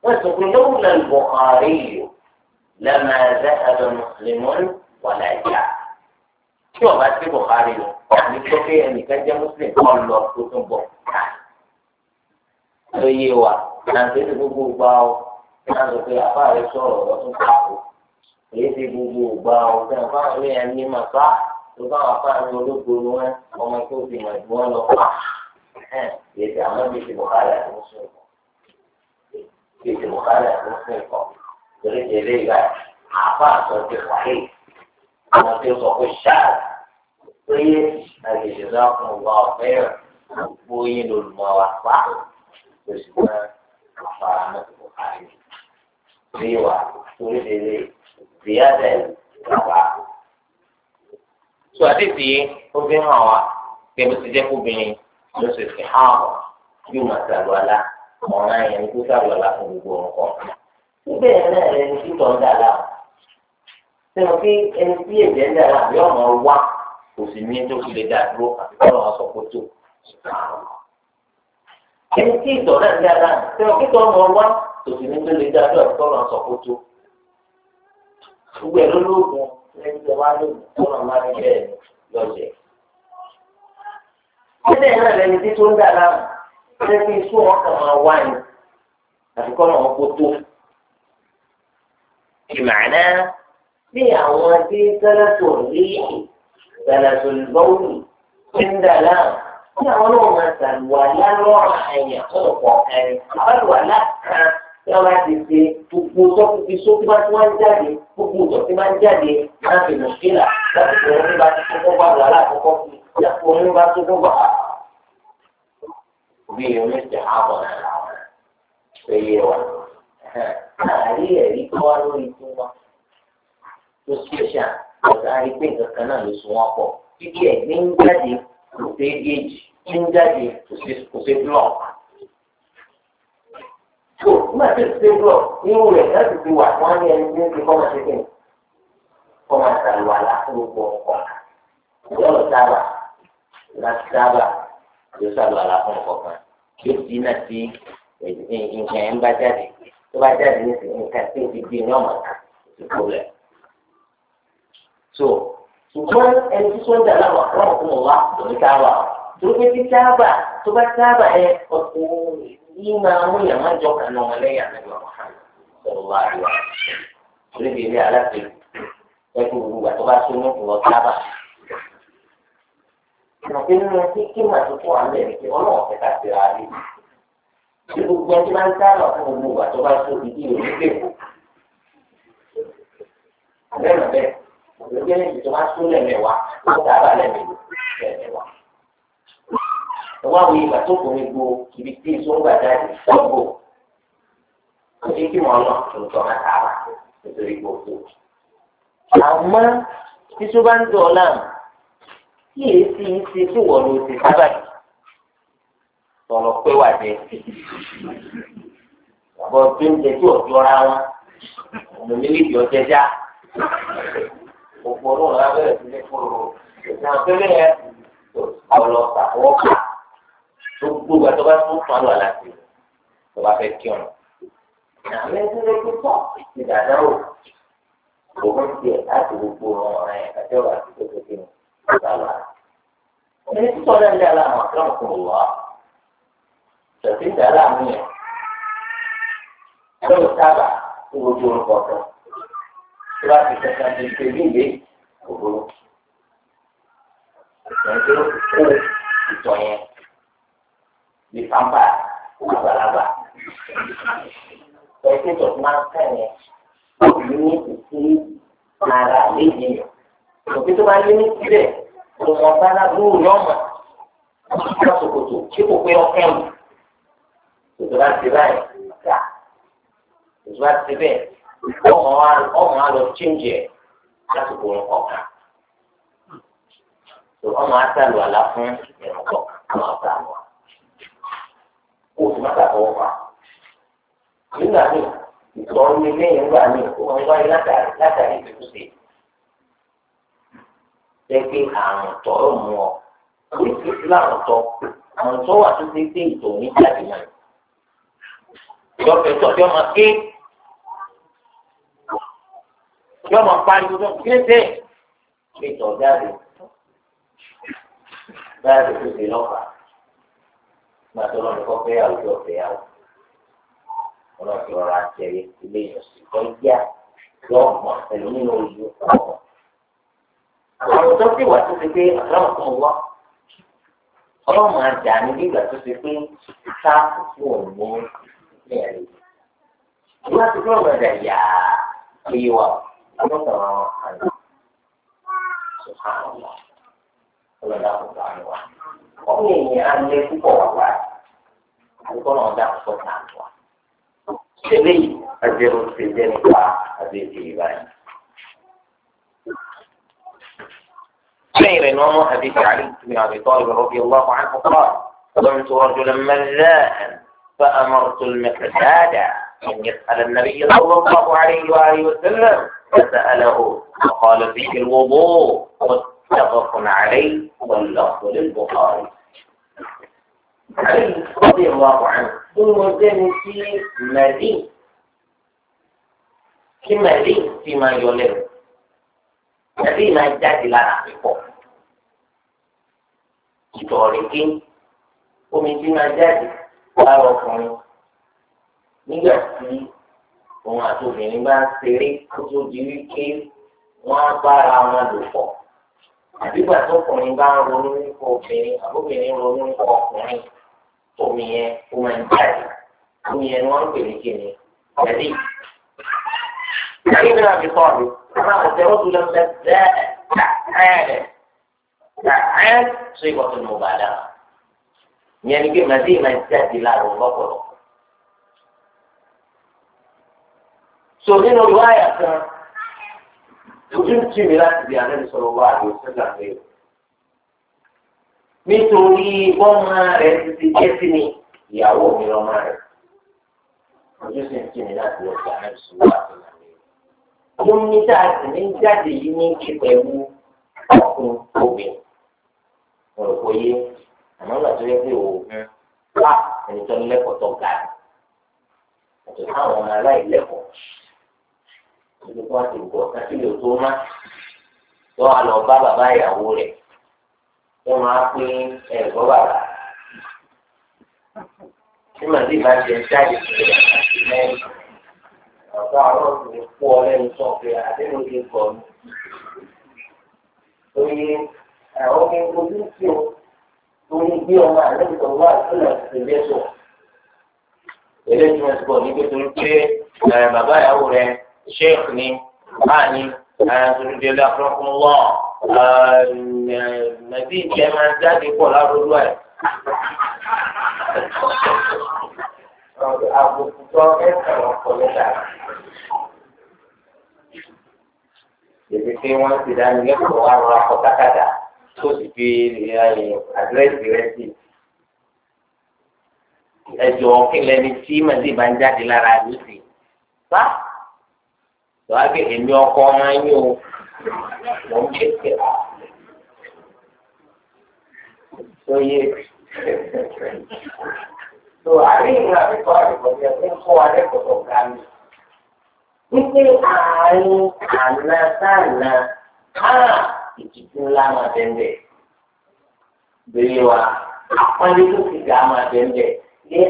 Speaker 1: wọ́n sọ pé lọ́wọ́ lẹ́nu bùkárí yìí lẹ́nu ẹ̀rẹ́ ẹ̀rọ mùsùlùmí tí ọba ti bọ̀kárí lọ àní tó pé ẹnìkan jẹ́ muslim kọ́ lọ tó tún bọ̀ ló yé wa nàǹtí ti gbogbo gbà ó náà sọ pé àbá rẹ sọ̀rọ̀ lọ tún kà ó èyí ti gbogbo gbà ó sọ àbá rẹ yẹn ní mà bá tó bá wà fáwọn ológo ni wọn ọmọ tó ti mọ̀ ju wọn lọ pa èyí ti àwọn bíi ti bọ̀kárí àti muslim kọ́ bíi ti bọ̀kárí àti muslim kọ́ torí ti eléyìí àbá àtọ̀ wáyé àwọn tí ó sọ pé ṣáà pé àgbèjì náà fún ọgbà ọ̀fẹ́ gbogbo yín lòlùmọ̀ wà pa oṣù náà àfàrà náà kò kárí bí wà torí délé ìyáàdẹ bàbá. sọ àdìsí ó fi hàn wá pé bó ti jẹ́ kóbìnrin ló ṣe fi hàn wá yóò máa ṣàlùwalá ọ̀ràn yẹn ni kó ṣàlùwalá fún gbogbo ọ̀rọ̀ kan. síbẹ̀ náà ẹni tí tọ́ ń dà láàmú sẹ́wọ̀n kí ẹni tí ẹ̀jẹ̀ ń dára àbí ọ̀nà wá kò sì ní tó fi lè dá dúró àti kọ́ ọ̀nà sọ kótó. ẹni tí ìtọ̀ náà dára sẹ́wọ̀n kí tọ́ ọ̀nà wá kò sì ní tó lè dá dúró àti kọ́ ọ̀nà sọ kótó. gbogbo ẹ̀ lẹ́yìn tó wá lóògùn ọ̀nà máa ń bẹ̀ lọ́jẹ̀. ẹ̀jẹ̀ náà lẹni tí tó ń dára sẹ́wọ̀n sún ọkàn máa wá ni àti kọ́ ọ̀nà ní àwọn tí sẹ́lẹ̀tò ríì sẹ́lẹ̀tò lọ́wọ́ kíndàlá ní àwọn náà máa ṣàlùwàlá lọ́rọ̀ àyàn fún ọ̀pọ̀ ẹ̀rìn àbálùwàlá kan tí wọ́n bá ti ṣe gbogbo sọ́kùnfin sókú bá tí wọ́n ń jáde gbogbo ìtọ̀ tí wọ́n ń jáde máa fi mọ̀ sílà láti fún wọn bá ti kókó bá wàhálà àkọ́kọ́ fún yàtọ̀ wọn bá tó kókó bá. bí omi ti àbọ̀ náà ṣe yé wa àárí ẹ̀rí kọ́ lórí tó wá. tó special ọ̀gá arígbé kankan náà ló sún wọn pọ̀ títí ẹ̀ ní ń jáde kò sí gèjì ní ń jáde kò sí block. tó nígbà tó ti ṣe block nínú rẹ̀ láti fi wà wọ́n ní ẹni tí ń fi kọ́mọ̀ ṣe kí ni kọ́mọ̀ ṣàlùwà láfúrúgbọ̀ ọ̀kọ̀ yọ̀ọ̀ sábà láti sábà ló ṣàlùwà láfúrúgbọ̀ kan yóò di náà sí nǹkan ń bá jáde tó bá jáde ní nǹkan tí ó ti di ní ọ̀mọ̀ta ìkó rẹ̀ so ṣùgbọ́n ẹni tí sọ́jà láwọn àwọn ọ̀kùnrin wa lórí káàbà torí pé tí káàbà tó bá káàbà ẹ ọ̀pọ̀ yìí máa mú yàrá jọ kànú ọmọ lẹ́yìn àlejò àmọ́hàn sọ̀rọ̀ wá àríwá torí bí ilé aláṣẹ ẹkú gbogbo àti bá tó ní ìwọ káàbà. Àti nínú tí kí màá tó fún àmì ẹ̀rí pé ọlọ́run fẹ́ ká ti ra rí. Ṣé gbogbo ẹni máa ń káàbà fún gbogbo àti bá tó ìdí òní pè ìgbẹ́ ìjọba tún lẹ́mẹ̀wá ó dábà lẹ́mẹ̀wá. Ìwọ́n àwọn ìgbà tó kò ní gbo ibi tí èso ń gbà jáde sọ́gbò. Kò ní kí wọ́n lọ lọ́tọ̀ máa tààrà nítorí gbogbo. Àmọ́ tí tó bá ń dọ̀ láàmú, kí èsì ń ṣe tí wọ́n lò ti sábàbí. Sọ̀rọ̀ pé wà jẹ. Àbọ̀ tó ń jẹ tí ọ̀dọ́ ra wọn. Ọmọ mi lè jọ jẹjá òpó náà lábẹ́rẹ́ sí ní kúrò ìtàn pélé yẹn ọlọ́pàá wọ́n kà tó gbogbo àti ọba tó fún alọ́ àlàsì ọba fẹ́ kí ọ̀nà. àmì ìdílé pípọ̀ ìdàdá o òun tiẹ̀ láti gbogbo ọ̀ràn ẹ̀ àti ọba àti tó kékeré ní ìgbàlá. ẹni títọ́ náà ní aláàmú àtúrọ̀ kò wá ṣèṣin dàlá mi yẹn. ẹ̀rọ tí wàá fi kẹta di ike níwèé òhòrò ìtọ́jú kó ìtọ̀ yẹn ní pápá àgbàlagbà ẹgbẹ́ tó máa ń kẹ́ yẹn òbí ní ìsí ara méje òbí tó bá lé ní sílẹ̀ ọmọ bára lóòrùn lọ́mọ ọmọ ṣòkòtò tí kò pé ọkẹ́ mi tòtò ti báyìí gbà tòtò bá ti bẹ́ẹ̀. Ọ wa ọmọ lọ chíńjì ẹ lásìkò fún ìrànkọ ọmọ wa o sì má ta fọwọ́ pa nígbà míì ìtọ́rọ mi lẹ́yìn nígbà míì ó máa ń wáyé látàrí látàrí ìtúsí jẹ́pẹ́ yóò máa pariwo tó kéde pétọ̀ dáre dáre tó ṣe lọ́fà nígbà tó lọ́nà kọ́ fẹ́ àwùjọ ọ̀fẹ́ àwù ọlọ́sọ̀ ọ̀rọ̀ àtẹ̀yẹ ilé ìyọ̀sìn kọ́ yá yọ mọ̀ pẹ̀lú nínú ojú ọ̀pọ̀. àwọn tó ti wà tó ṣe pé ọlọ́run kan wá ọlọ́run máa dà ní bí ìgbà tó ṣe pé ká fún òun ní ẹ̀rí. ìwádìí tó lọ́dà yà á pé wà ó. وترى سبحان الله ولا دعوة تعالى ومن يعني فوق الله يكون عندك صوت عن الله سبي أجر في ذلك حديث إبراهيم غير إمام حديث علي بن أبي طالب رضي الله عنه قال ظننت رجلا ملاحا فأمرت المكساد أن يسأل النبي صلى الله عليه وآله وسلم فسأله فقال فيه الوضوء متفق عليه واللفظ للبخاري علي رضي الله عنه ثم زين في مدين في مدين فيما يولد فيما يجاد لا أعرفه في omi ومن máa jáde lára nígbà tí òun àti obìnrin bá ń ṣeré kó tó di wípé wọ́n á bára wọn lò pọ̀ àbígbà tó ọkùnrin bá ń ronú nípa obìnrin àbóbìnrin ronú nípa ọkùnrin omi yẹn ó máa ń jáde omi yẹn ni wọ́n ń pè ní kíni ẹ̀dí. Ìyá náà fi kọ́ mi, àwọn àwòtẹ́wọ́ tó lọ fẹ́ bẹ́ẹ̀ tààrẹ̀ tààrẹ̀ tó ìwọ́n tó ní mo bàdá. Ìyẹn ni pé màdí máa ń láàrú lọ́pọ̀lọpọ̀. so nínú ìwáyà kan ojú ń tì mí láti di àná ìsọ̀rọ̀ wá àdó sẹ́gbà pé nítorí ọmọ rẹ̀ ti ti jẹ́ sí mi ìyàwó mi lọ́mọ rẹ̀ ojú sì ń tì mí láti wọ̀ sí àná ìsọ̀rọ̀ wá àdó sẹ́gbà pé mo ní tá a sì ní jáde yìí ní kí pẹ̀lú ọkùnrin òbí mo rò pé yé àmọ́ ìgbà tó yẹ pé òògùn wà ẹni tó ń lẹ́kọ̀ọ́ tó ga ni àti káwọn aláìlẹ́kọ̀ọ́ olùkọ́ àti ìgbọ́ kásìlè tó má tó wà lọ bá bàbá ìyàwó rẹ̀ tó máa pín ẹ̀gbọ́ bàbá tí màdì bá jẹ jáde sílẹ̀ àti mẹ́rin ọ̀gá ọlọ́run ní kú ọ lẹ́nu sọ pé àdéhùn ti gbọ́ mi. Oye àwọn ọmọ ojú tí o orí bí ọmọ àlejò wà sílẹ̀ sílẹ̀ sọ. Eléyìí ti wọ́n ti bọ̀ níbi tó ń pé bàbá ìyàwó rẹ̀. sheikh ni báà ni àtúndínlẹ̀ àkọ́kọ́mọ́ nàbí ìjẹ́ máa jáde pọ̀ lárúdú ẹ̀. àbùkù tó ẹ̀sẹ̀ wọn kọ lẹ́tà. èmi pé wọ́n ti dá ní ẹ̀kọ́ wa rọra kọ kákàdá tó sì fi àdírẹ́sì rẹ̀ sí. tó wá pé èmi ọkọ máa ń yún o mò ń ké pé a ah. tó yé tó àárín ìlú àbíkọ́ àbíkọ́ bí ẹ ń kọ́ wa lẹ́kọ̀ọ́ tó ga mi wípé àárín àná sáànà á ah, ìtìtì ńlá máa bẹ̀rẹ̀ bèrè wa àpọ́nlé ti gà máa bẹ̀rẹ̀ lè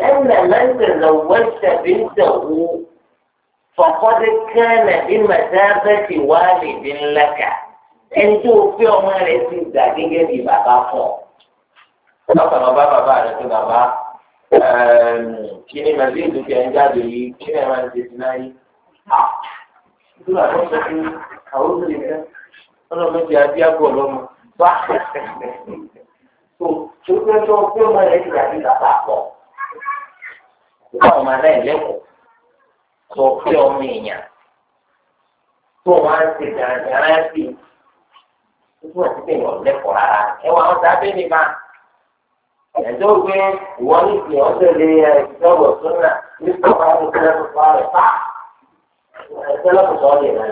Speaker 1: ẹ̀ ń nà mẹ́tẹ̀ẹ̀lẹ̀ wẹ́tẹ̀ bí ń tẹ̀ wú. فقد كان بمثابة والد لك أن توفي وما لسيت دقيقة ببابا فوق lọ́kànnà bá bàbá rẹ̀ tó bàbá kí ni mazeedu kí ẹ̀ ń jáde yìí sọ pé ọmọ èèyàn tó wá ń ṣe gàràgàrà sí i tó wọ́n ti pè wọ́n lẹ́kọ̀ọ́ rárá ẹ wọ́n àwọn sábẹ́ mi máa ẹ̀jọ́ pé ìwọ ní ìsìn ọ̀tẹ̀lẹ̀ ìjọba súnà ní sọ́kà ní tẹ́lẹ̀kùsọ̀ rẹ̀ pa tẹ́lẹ̀kùsọ̀ rẹ̀ náà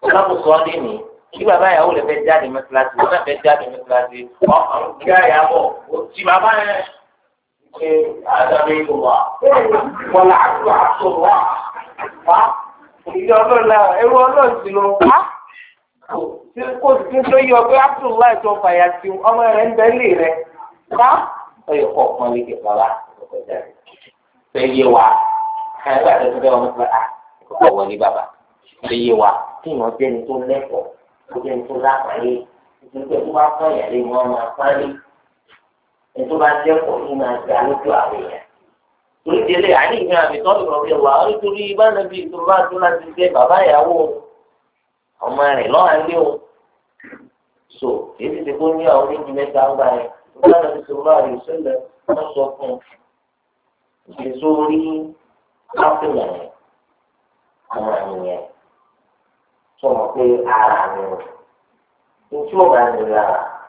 Speaker 1: tẹ́lẹ̀kùsọ̀ rẹ̀ ni kí bàbá ìyàwó rẹ̀ fẹ́ jáde mẹ́tíláṣí wọ́n náà fẹ́ jáde mẹ́tíláṣí ọ̀hún هذا بيت الله والعبد عبد الله صح؟ ìjọ kó tí tó yọ pé abdullahi tó fàyà sí ọmọ rẹ ń bẹ́lí rẹ wá ọyọ wa ẹgbẹ́ àti ẹgbẹ́ bàbá fẹ́ yé wa kí wọ́n jẹ́ni tó lẹ́kọ̀ọ́ kó jẹ́ni tó lápàá yé nítorí pé tó bá fọ́ ìyàlẹ́ wọn máa parí ètò bá jẹ́ kó ní máa gbà lójú àwọn èèyàn. torí délé àní ìhìn àmì tọ́lù rọ̀bì wà á nítorí bá nàbí ìtura tó láti gbé bàbá ìyàwó ọmọ rẹ̀ lọ́wọ́ ilé o. so èyí ti kó ní àwọn méjì mẹ́ta ń gbà yẹn bá nàbí ìtura rẹ̀ sílẹ̀ wọ́n sọ fún un ìṣèṣó orí ápìlẹ̀ rẹ̀ ọmọ mi yẹn tó pé ara mi ò ní tí yóò nílò ara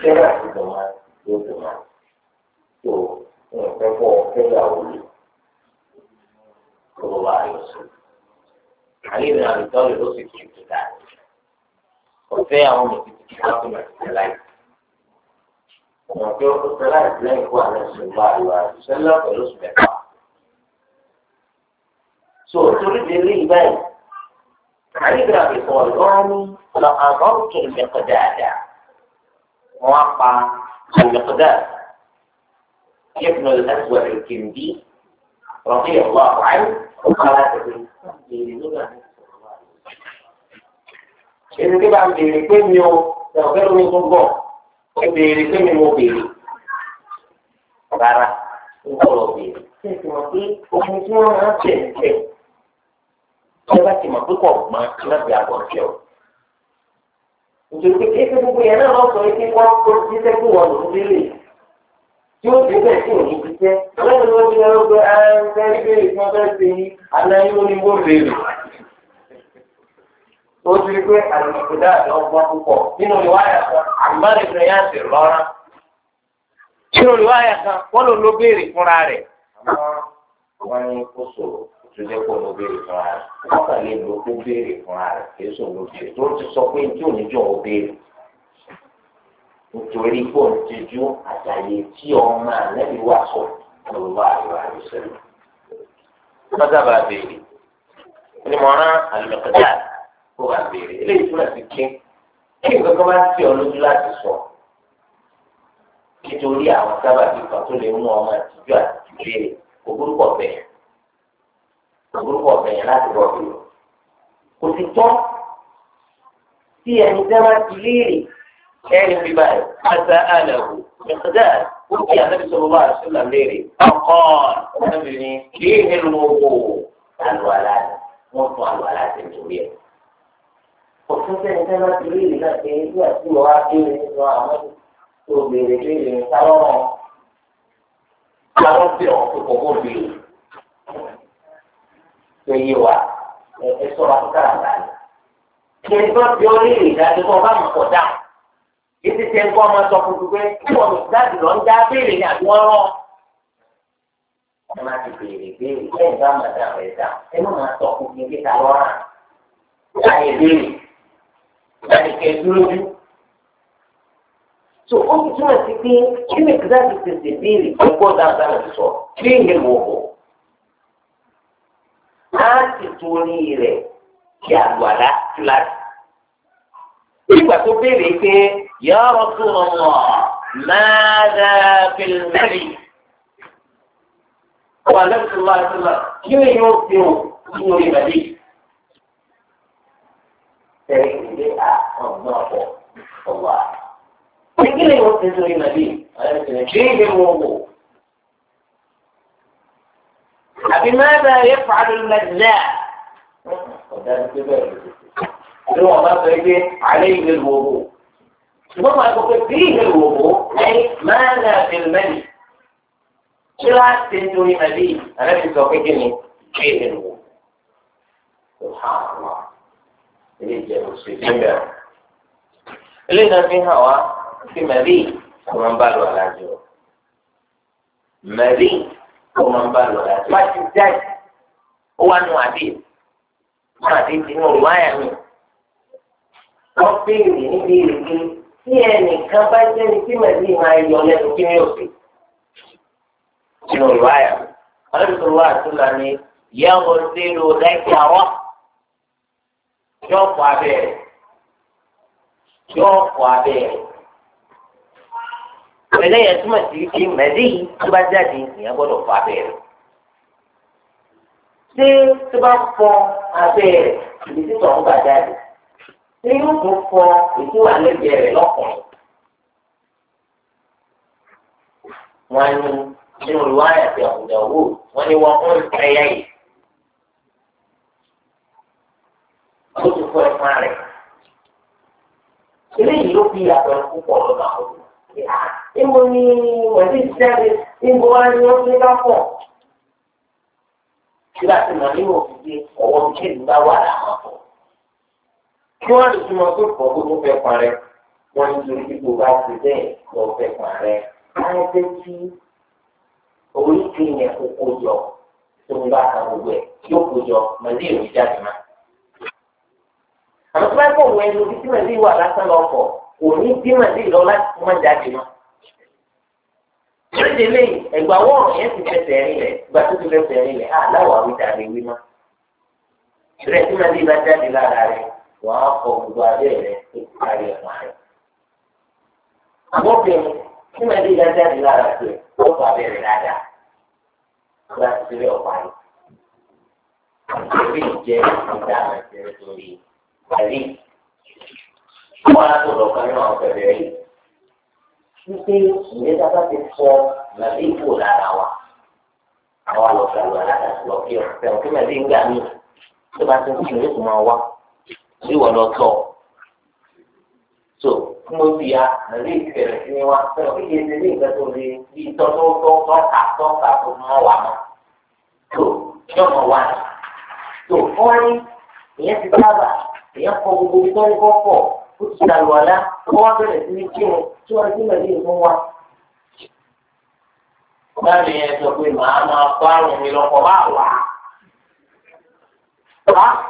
Speaker 1: ṣẹlẹ̀ láti lọ máa yóò tó máa tó nǹkan fọ fẹ́yàwó lè kó ló wà yọ sí. àlè ìrìn àlè tọ́lù ló sì kí n tó dáa kò fẹ́yàwó mi ti ti wá fún mi àti láì. ọ̀nà pé ó fẹ́ láì lẹ́yìn kó àlẹ́ sùn bá a lọ àti sẹ́lẹ̀ pẹ̀lú mẹ́ta. tó torí di eléyìí báyìí àlè ìrìn àlè tọ́lù ọ̀rọ̀ wọ́n pa àlùkùdà ibùdó ẹ̀sùn ìkìndí rọ̀bì ọ̀wá wáyé ó kàrà tẹ̀lé ìrìn nígbà èsì tí bá ń béèrè pé mi ò ọ̀fẹ́ lómi tó bọ̀ ẹ béèrè pé mi mo béèrè rárá ń bọ̀rọ̀ béèrè ṣé ti mọ̀ nítorí pé kéèké gbogbo yẹn náà lọ́sọ̀ yìí kí wọ́n tó jíṣẹ́ kí wọ́n lò ó délé tí ó dé bẹ́ẹ̀ tí ò ní jíṣẹ́ lẹ́yìn ló ti lọ́wọ́ pé ah, ẹ ń fẹ́ ìbéèrè tí wọ́n fẹ́ ṣe aláyé ó ní wọ́n béèrè. ó ti rí pé àlùkò púpọ̀ tó jẹ́ pé òun béèrè fúnra rẹ̀ wọ́n kàn lè lò ó béèrè fúnra rẹ̀ kì í sọ òun béèrè tó ti sọ pé tí òun jọ òun béèrè nítorí pé òun ti ju àtàyè tí ọmọ àlẹ́bí wà sọ lọ́wọ́ àríwá àríṣẹ́lẹ̀. wọ́n dábàá béèrè ni mo rán àlùmọ̀kọ́dá kó wà béèrè eléyìí túmọ̀ sí kí kí nǹkan kan bá ti ọ lójú láti sọ nítorí àwọn sábàbí kan tó lè mú ọmọ àtijọ́ àti ìbéèrè ògbórúkọ bẹ́ẹ̀ àbúrúkọ ọ̀bẹ̀ yẹn láti rọ̀ bí o. kò sì tọ́ tí ẹni tẹ́lá ti léèrè ẹni bí báyìí àti àlẹ́wò ìṣẹ̀dá ó kí àtẹ́bí sọ̀rọ̀ bá àṣẹ là léèrè. ọkọ ọ̀nàbìnrin kì í hẹ́rù owó àlùwàlá wọn fún àlùwàlá ti nítorí ẹ̀. òfin tẹ́ni tẹ́lá ti léèrè náà ṣe é àti ìwà akéwì nínú àwọn tó béèrè léèrè táwọn àwọn bí ọ̀ ṣe yé wa ẹ sọ̀rọ̀ àti káràkà ni. ṣé ní wọ́n fi orí ìdájọ́ tó bá mọ̀ pọ̀ dà? ètí ṣe ń kọ́ ọmọ sọ fúnfún pé kí wọ́n mi dáàbì lọ ń dá béèrè ní àbí wọ́n rán. ẹ máa ti béèrè béèrè kí ẹ bá máa dà rẹ̀ dà ẹ má máa sọ fúnfún kí ta lọ́ra. láyé béèrè láyé kẹ́ dúrójú. tó o túmọ̀ sí pé kí ni kí láti tètè béèrè kí ó gbọ́dọ̀ àgbà lọ sọ kí ni wò ó. láti torí rẹ̀ kí a àgbàlá láti. Ìgbà tó béèrè pé tó rọ̀ mọ̀ máa madha fil mali. wà lẹ́sìn máa ń sọ́nà kí ni yóò fi hàn kí ni nínú ìbàdí. tẹ̀lé ìdílé àkànná ọ̀pọ̀ ọ̀wà. kí ni yóò fi hàn kí ni ìbàdí? àyẹ̀sìn kí ni yóò wò? بماذا يفعل المجزاء اللي هو ما إيه؟ عليه الوضوء ثم يقول فيه الوضوء أي ماذا في المجد شرع تنتوني مجيد أنا في توقيتني فيه الوضوء سبحان الله إليه جاءوا السجن إليه في هوا في مجيد ومن بالو على جوه مجيد kó máa ń bá lọ láti wá ti jáì ó wá nu àbí wọn àti ti nu ìwáyà mi wọn béèrè níbi ìrèké tí ẹnìkan bá jẹni tí màdí máa yọ lẹ́nu kí ni òsè nínú ìwáyà mi ọlọ́dún wa àtúnlá ni yẹ́wò sílùú lẹ́kẹ̀ àwọ̀ yọ̀ọ̀pọ̀ abẹ́rẹ́ yọ̀ọ̀pọ̀ abẹ́rẹ́ pẹ̀lẹ́ yẹn túmọ̀ sí pé mẹ́lẹ́ yìí tó bá jáde èèyàn gbọ́dọ̀ fọ abẹ́ rẹ̀ ṣé tó bá fọ abẹ́ rẹ̀ ìdí tó ń gbà jáde ṣé yóò tún fọ ètò àlẹ́jẹ rẹ̀ lọ́kùnrin wọn ní nínú ìwáyà tí àwùjọ wò wọn ní wọn ń tẹ̀yà yìí ó ti fọ ẹ̀fọn rẹ̀ eléyìí ló fi yàtọ̀ púpọ̀ lọ́dọ̀ àwọn olùkọ́. Níbo ni wọ̀dí ìjáde níbo wá ní wọ́n gbé lápọ̀? Nígbà tí màá níwò fi gbé ọwọ́ méjì nígbà wà láwọn pọ̀. Kí wọ́n lè túmọ̀ tó pọ̀ tó tó fẹ́ parẹ́? Wọ́n ní torí pípò bá ti bẹ́ẹ̀ lọ fẹ́ parẹ́. Láyé jẹ́ kí oríkèé yẹn kó kó jọ tó ń bá kan gbogbo ẹ̀ yóò kó jọ màlẹ́ ìwé jáde náà. Àmọ́ tí wọ́n kọ̀ wọ ẹni ojú tí màlẹ́ ìwà lásán lọ kò ní dímọ̀ sí ìlọ láti kó má jáde mọ́. Ṣéde lé ẹ̀gbà wọ́ọ̀rọ̀ yẹn ti fẹsẹ̀ rìn lẹ̀ gba tó ti fẹsẹ̀ rìn lẹ̀ aláwọ̀ àwùjá lè wí mọ́. Ìrẹ̀ tí màá lè bá jáde lára rẹ̀ wọ́n á kọ gbogbo abẹ́ rẹ̀ tó kárí ọ̀pá rẹ̀. Àbọ̀bìnrin tí màá lè bá jáde lára rẹ̀ ó fà bẹ̀rẹ̀ dáadáa. Gba tó ti rí ọ̀pá rẹ̀. Àbẹ̀rẹ̀ jẹ́ ìdáhùn wọn á sọ̀rọ̀ kan nínú àwọn pẹ̀lẹ́ yìí wípé ìyẹn dábà ti fọ màbí ìfò lára wa àwọn àlọ́fẹ́ àlọ́ aládàá lọ kí ọ̀fẹ́ òkè màbí ń gbà mí tó bá ti ń kí ìwé kò máa wá sí ìwọ lọ tọ̀ so fún mo ti ya màbí ìfẹ̀rẹ̀ sí ni wá fẹ́ òkè yẹn ti ní nǹkan tó lè bí tọ́ tó tọ́ tọ́ ta tọ́ ta tó mọ́ wà mọ́ tó yọ̀ mọ́ wà ní tó wọ́n ní ìyẹn ti sábà ìyẹn kọ gbogbo ó ti dàrú àlá wọ́n wá bẹ̀rẹ̀ sí ní kírun tí wọ́n ti mẹ̀lẹ́ ìlú wa. láàrin yẹn sọ pé màá máa bá mi lọ́kọ̀ bá wà á.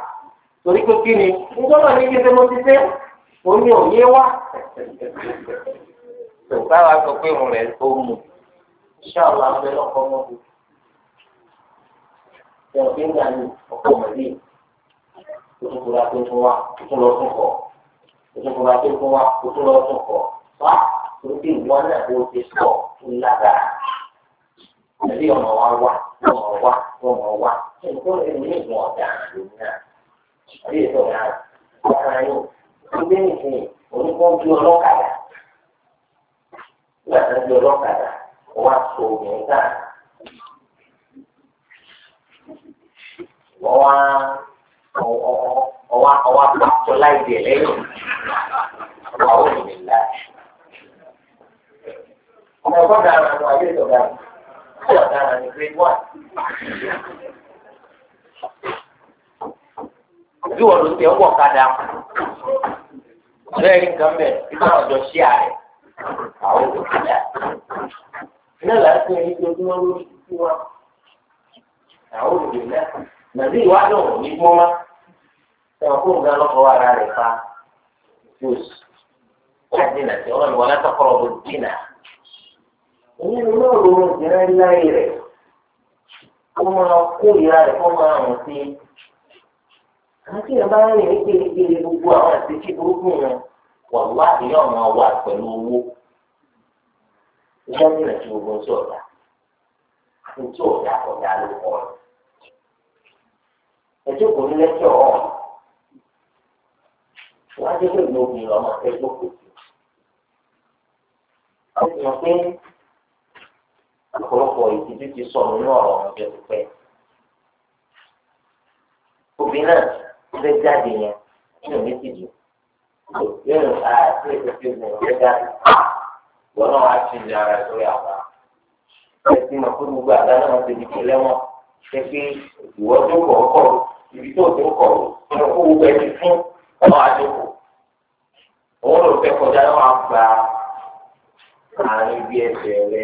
Speaker 1: torí pé kí ni nítorí ní kí ṣe ti ṣe omi ò yé wá. tòkà sọ pé òun rẹ̀ ó mú ṣáàlà ń bẹ lọ́kọ̀ mọ́tò. ṣé òfin gbà ní ọkọ̀ mọ̀lẹ́ òtútù la tó fún wa tó lọ fún kọ̀ òṣùpọ̀ tó fún wa kó tó lọ sùn pọ̀ wá torí ìwọ náà ló ti sọ lágbára ẹbí ọmọ wa wá ọmọ wa ọmọ wa nǹkan ẹni ìwọ̀n ọ̀daràn ló ní náà àbí ètò ọ̀daràn ọ̀daràn yóò tó nìkan onígbọ́n bí ọlọ́kadà nígbà tó ń bí ọlọ́kadà wá so obìnrin náà wọ́n wá ọ̀ọ́ ọwọ́ ọwọ́ àpapọ̀ láì dé lẹ́yìn ọwọ́ àwọn ènìyàn ńlá. ọmọ ọgbọ́n dára ní ayé ìjọba ọwọ́ dára ní grade one. bí wọ́n ló tẹ ọwọ́ kadà bẹ́ẹ̀ ni nǹkan bẹ́ẹ̀ nígbà ọjọ́ sí ààrẹ àwọn òkúta. náà láti ẹni tó dúró lórí títí àwọn òkúta. nàbí ìwádìí ọ̀hún ní gbọ́n máa ẹ̀wọ̀n kó nǹkan lọ́kọ̀ wà ara rẹ̀ fa jùs ọ̀dínà tí ọlọ́run wọn látọ̀kọ̀rọ̀ bó dínà. èyí ni yóò ro ìdílé láyé rẹ̀ kó máa kó ìyá rẹ̀ kó máa hàn sí i. àwọn tí yẹn bá ń rìn ní kérékéré gbogbo àwọn àtẹ̀kí burúkú wọn wà wá ìyá ọ̀nà wà pẹ̀lú owó. ìjọba ìrìn àti gbogbo ń sọ ọ̀dà ń sọ ọ̀dà ọ̀dà ló kọ́ ẹ̀. ẹjọ́ kò ní lẹ́kẹ̀ọ́ ọ̀hún wọ́n á ìlú obìnrin ọmọ ẹ̀ gbókòó sí. àwọn èèyàn pé ọ̀pọ̀lọpọ̀ ìdíjú ti sọnù ní ọ̀rọ̀ ọ̀hún jẹ́ pípẹ́. obìnrin náà ó fẹ́ jáde yẹn nínú méjìlí yóò àti ìfẹ́ ìgbìmọ̀ fẹ́ jáde wọn náà wàá ti di ara sórí àbá. ẹ̀sìn ìmọ̀ fún gbogbo àgbà náà ti di pé lẹ́wọ̀n ṣe pé ìwọ́jú kọ̀ọ̀kọ̀ ibi tó tó kọ̀ ọ̀rọ̀ kó gbogbo ẹ̀ ti fún ọ̀hún àjọkù òun ló fẹ́ kọjá yóò máa gba àárín bí ẹsẹ̀ rẹ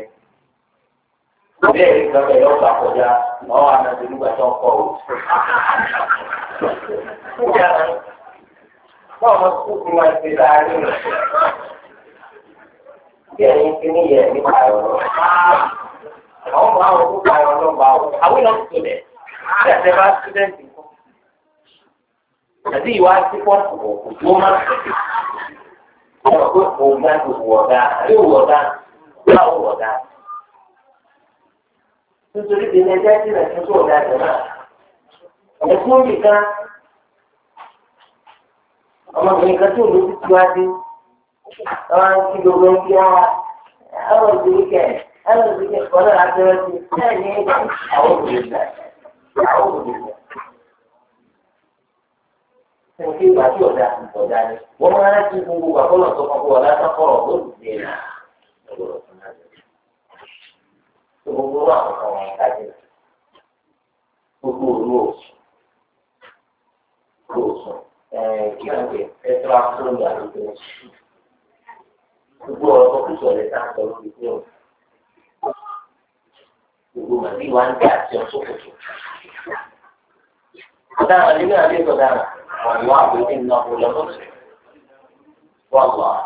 Speaker 1: bẹ́ẹ̀ ni gbọ́dọ̀ yóò gbà kọjá àwọn ànàbì nígbà tó ń kọ́ o. báwo ni kúkú máa ń ṣe láàárín rẹ̀ bí ẹni ti ní yẹ nípa ẹ̀rọ àwọn ọmọ àwọn òkú pa ẹ̀rọ lọ́gbà o àwọn ìlànà tó lẹ̀ bí ẹ̀sẹ̀ bá ṣúdẹ̀ǹtì kọ́ àti ìwà sí pọ́ǹpù kò tó máa ń ṣe. àwọn tó kò gbá wọ̀ dá yóò wọ̀ dá yóò wọ̀ dá. nítorí bí ilé ẹjẹ́ sílẹ̀ tó tó ọ̀dà jẹ̀ náà ẹ̀kún nìkan ọmọbìnrin kan tó lójú tó wá dé gbogbo ń kí ara ìdílé ìdílé kọ́ náà láti bẹ́ẹ̀ ni àwọn òbí rẹ̀ àwọn òbí rẹ̀. sẹ́ni kí ìgbà tí ọ̀dà ọ̀dà ni wọ́n máa ń ti gbogbo àkọlọ̀ tó kọ́ wọ́n láti kọ́rọ̀ tó ti dè nà ọ̀gbọ̀rọ̀ tó náà dé. tó gbogbo àwọn kan wọn ká jẹ gbogbo òru òsùn òru òsùn kí wọ́n gbé ẹ̀tọ́ akólóyè àlùkò òsùn gbogbo ọ̀rọ̀ tó sọ̀rọ̀ lẹ́ta sọ lórí pé o gbogbo màdí wa ń dà sí ọ̀ṣọ́kòtò. ọ̀daràn nígbà tí ó والله إنه لمسلم والله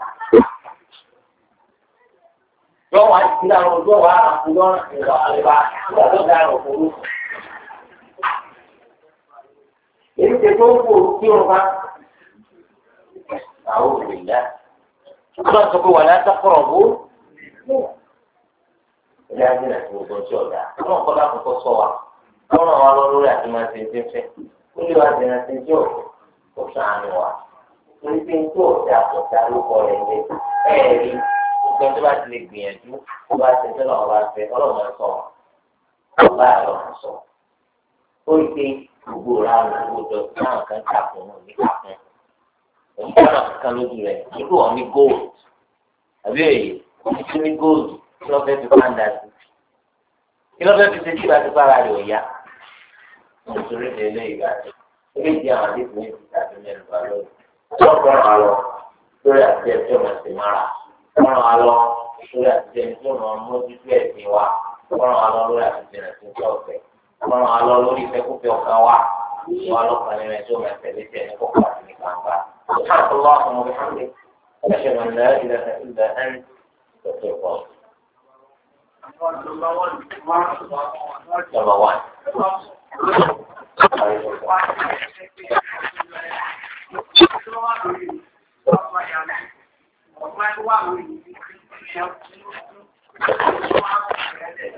Speaker 1: yóò wá sí àwọn ojú ọ̀wá àkùrọ̀ ìwà àlùbá nígbà tó dára òkúrú. èyí ṣe tó ń kó kí o bá àwọn òbílẹ̀ ọ̀dọ́ sọ pé wà láti kọ̀rọ̀ bó ilé ajé náà ti gbogbo ọjọ́ ọ̀dà ọlọ́run kọ́ lákòókò sọ wa lọ́rùn àwọn ọlọ́run àti máa ṣe ń fẹ́ ó lé wa jẹ́ náà ṣe ń kó sànù wa torí pé n tó ọ̀dà ọ̀dà ló kọ rẹ̀ ní ẹ̀rí gbogbo tó bá ti lè gbìyànjú tó bá ti fẹ́ lọ́wọ́ bá fẹ́ ọlọ́run sọ ọba ọlọ́run sọ ó rí pé gbogbo ra gbogbo jọ náà kan kàkún ní kàkún òun kọ́nà kan lójú rẹ̀ nígbà wọn ní gold àbí èyí wọn ti ní gold kí ló fẹ́ fi pàǹdà sí kí ló fẹ́ fi ṣe tí ìbá ti pàrà rẹ̀ ò yá nítorí ilé ìgbà tó eléyìí àwọn àdéhùn yìí ti tàbí mẹ́rin bá lónìí. wọ́n kọ́ ọ lọ lórí àti ẹjọ́ máa ṣe mára wọ́n ọ lọ lórí àti ẹjọ́ máa mójútó ẹ̀sìn wa wọ́n ọ lọ lórí àti ẹjọ́ máa ṣe ọ̀fẹ́ wọ́n ọ lọ lórí ìfẹ́kúfẹ́ ọ̀kan wa wọ́n ọlọ́kàn nínú ẹjọ́ máa tẹ̀lé tẹ̀ ní kókó àti ní gbangba. سبحانك اللهم وبحمدك Number one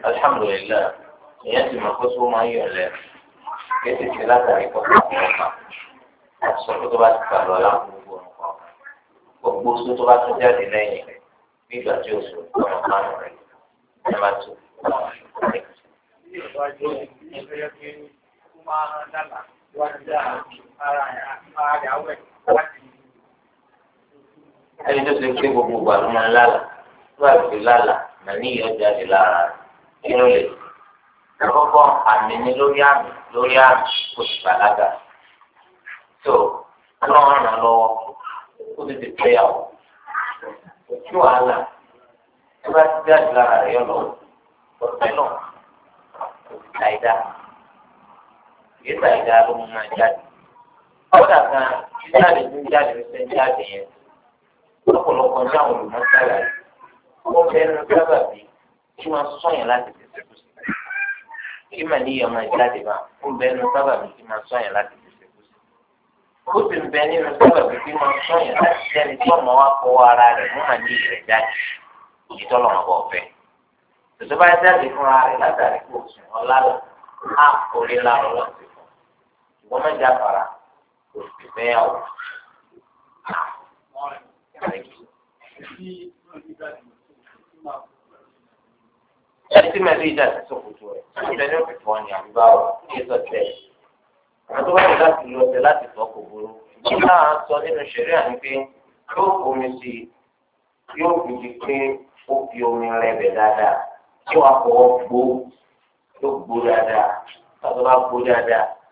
Speaker 1: alhamdulilayi ìyẹn ti mọ kó tó máa ń yọ lẹ kí ti ti látàrí kọ fún ọmọ ọmọ sọ pé tó bá ti kà lọ aláwọ gbogbo ọmọ kan gbogbo tó bá tún jáde lẹ́yìn rẹ nígbà tí o sùn ọmọ kan rẹ ẹ má tó ọmọ rẹ máa dàgbà wọ́n dá ara rẹ̀ awẹ́ láti. ẹni tó ṣe pé gbogbo ìgbà ló máa ń lálà tó bá fi lálà mà ní ìyọ́ jáde lára rẹ̀ kí ló lè. àkọ́kọ́ àmì ni lórí àmì lórí àmì kò sì bàlágà. tó ọlọ́run ràn lọ́wọ́ ó ti ti pẹ́ yàwó. ojú wàhálà ẹ bá ti jáde lára rẹ̀ yọ̀ lọ́wọ́ ọ̀tẹ́ náà àìdáa ìgbà ìdá ló mú máa jáde kódà kan jáde tó jáde tó ṣe ń jáde yẹn lọ́pọ̀lọpọ̀ ní àwọn olùmọ̀sára wọ́n fẹ́ẹ́ sábà bí kí wọ́n sọ̀yìn láti tẹ̀sẹ̀ kù sí kí màá ní ọmọ ìjáde bá ó bẹ́ẹ̀ nu sábà bí kí wọ́n sọ̀yìn láti tẹ̀sẹ̀ kù sí ó sì ń bẹ nínú sábà bí kí wọ́n sọ̀yìn láti sẹ́ni tí ọmọ wa kọ́ ara rẹ̀ mú màá ní ìrẹ̀ jáde ìtọ́lọ̀ ọ̀bọ̀ ọ̀fẹ́ tòtò bá jáde fúnra rẹ̀ látàrí kó sùn ọ ṣùgbọ́n má já fara kò sì fẹ́ yà wò. ẹtí mẹ́lí ìjà ti sòkòtò rẹ̀ ìjẹ́ ní òkùnkùn ọ̀nì àbúgbà ọ̀ kí sọ tẹ̀.
Speaker 2: àwọn tó bá yẹ láti
Speaker 1: lọ ọtẹ láti sọ kò burú. ìjọba náà sọ nínú ṣẹ̀rí àní pé yóò omi sí i yóò fi di pé ó fi omi rẹ̀ bẹ̀ dáadáa yóò wá fọwọ́ gbó yóò gbó dáadáa tàbí wá gbó dáadáa.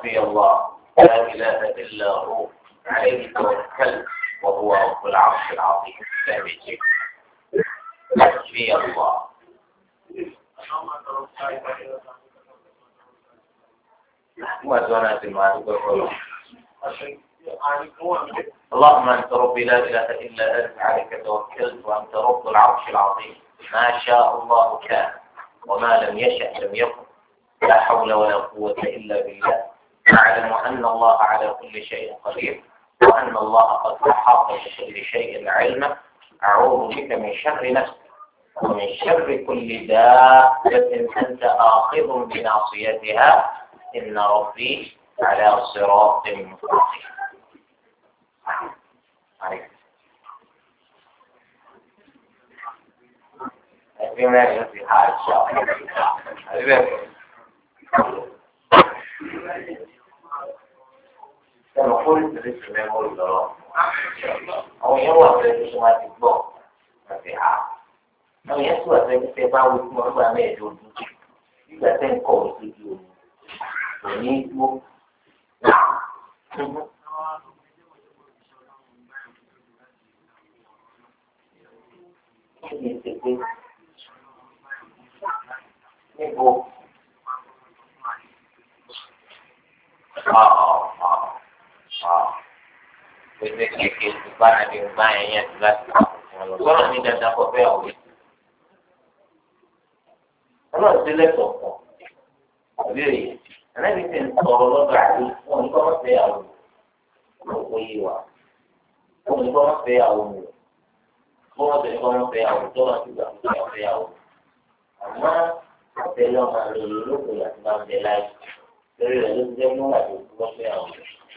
Speaker 1: حسبي الله لا إله إلا هو عليه توكلت وهو رب العرش العظيم الثابت حسبي الله ما في ما تقول اللهم أنت ربي لا إله إلا أنت عليك توكلت وأنت رب العرش العظيم ما شاء الله كان وما لم يشأ لم يكن لا حول ولا قوة إلا بالله فاعلم أن الله على كل شيء قدير وأن الله قد أحاط بكل شيء علما أعوذ بك من شر نفسك ومن شر كل دابة أنت آخذ بناصيتها إن ربي على صراط مستقيم Thank you. ẹnu oríṣiríṣi mẹ́mórì lọ́rọ̀ àwọn yẹn wà fẹ́ kí wọ́n ti gbọ́ de ti hà àwọn yẹn tún wà fẹ́ kí tẹ bá wọ́n de ọgbà mẹ́ẹ̀ẹ́dógún ìgbà tẹ́ ń kọ́ òun sí ju òun kò ní í dúró. Níbo ṣe kéèké ìgbà àbí ìgbà yẹn yẹn ti láti pa ọ̀rọ̀ sọ́nà ní dandan kọ fẹ́ ọ̀rẹ́. ọlọ́run ti lẹ́tọ̀ọ́ pọ̀ àbí òye ẹ̀rẹ́bí ti ń sọ̀rọ̀ lọ́dọ̀ àti fún nǹkan ọ̀fẹ́ àwọn olùkọ́ yé wa fún nǹkan ọ̀fẹ́ àwọn olùkọ́ fún ọ̀fẹ́ nǹkan ọ̀fẹ́ àwọn tó wà sí ìgbà ọ̀fẹ́ àwọn àmọ́ ọ̀fẹ́ lọ́mọ àlọ́ lóko yàtọ̀ bá ń bẹ láì lórí rẹ̀ ló ti jẹ́ mọ́ àti òkú ọ̀fẹ́ àwọn olùkọ́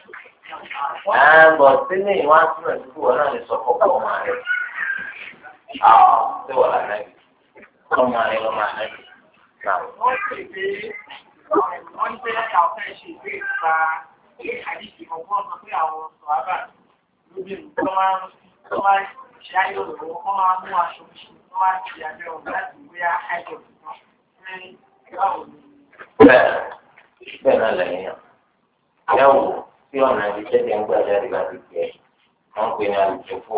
Speaker 1: ààbọ̀ ah, sílẹ̀ ìwà sílẹ̀ dúdú wọn náà lè sọ kọ́kọ́ ọmọ rẹ̀ àwọn tí wọ́n là náà ọmọ rẹ̀ lọ́mọ rẹ̀ náà. wọ́n ti gbé wọ́n ń gbé àwọn fẹ́ ṣe ìwé ìta ilé àdìsí ọgbọ́n sọ pé àwọn sọ̀rọ̀ lóbi tó máa tó máa ń ṣe ayé òwò wọ́n máa mú aṣọ oṣù tó máa ń ṣe abẹ́ òun láti wé àìjọ tuntun ní báwo ni. bẹ́ẹ̀ bẹ́ẹ̀ náà lẹ́yìn tí ọ̀nà ìdíjẹ́ ti ń gbà jáde bá ti jẹ́ wọ́n pè ní àlùjọ́fò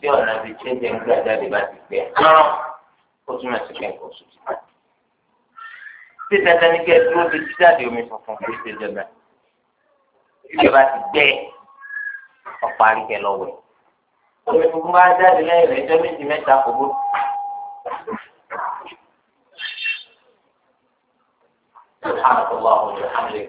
Speaker 1: tí ọ̀nà ìdíjẹ́ ti ń gbà jáde bá ti jẹ́ kárọ̀ ó túmọ̀ sí pé nǹkan oṣù tí wọ́n. tí dandan ní kí ẹ dúró ti jíjáde omi funfun kó ṣe dandan ìjọba ti gbẹ ọ̀pá àríkẹ́ lọ́wọ́ ẹ̀ omi funfun bá jáde lẹ́yìn rẹ̀ ẹjọ́ méjì mẹ́ta kò bó. سبحانك اللهم وبحمدك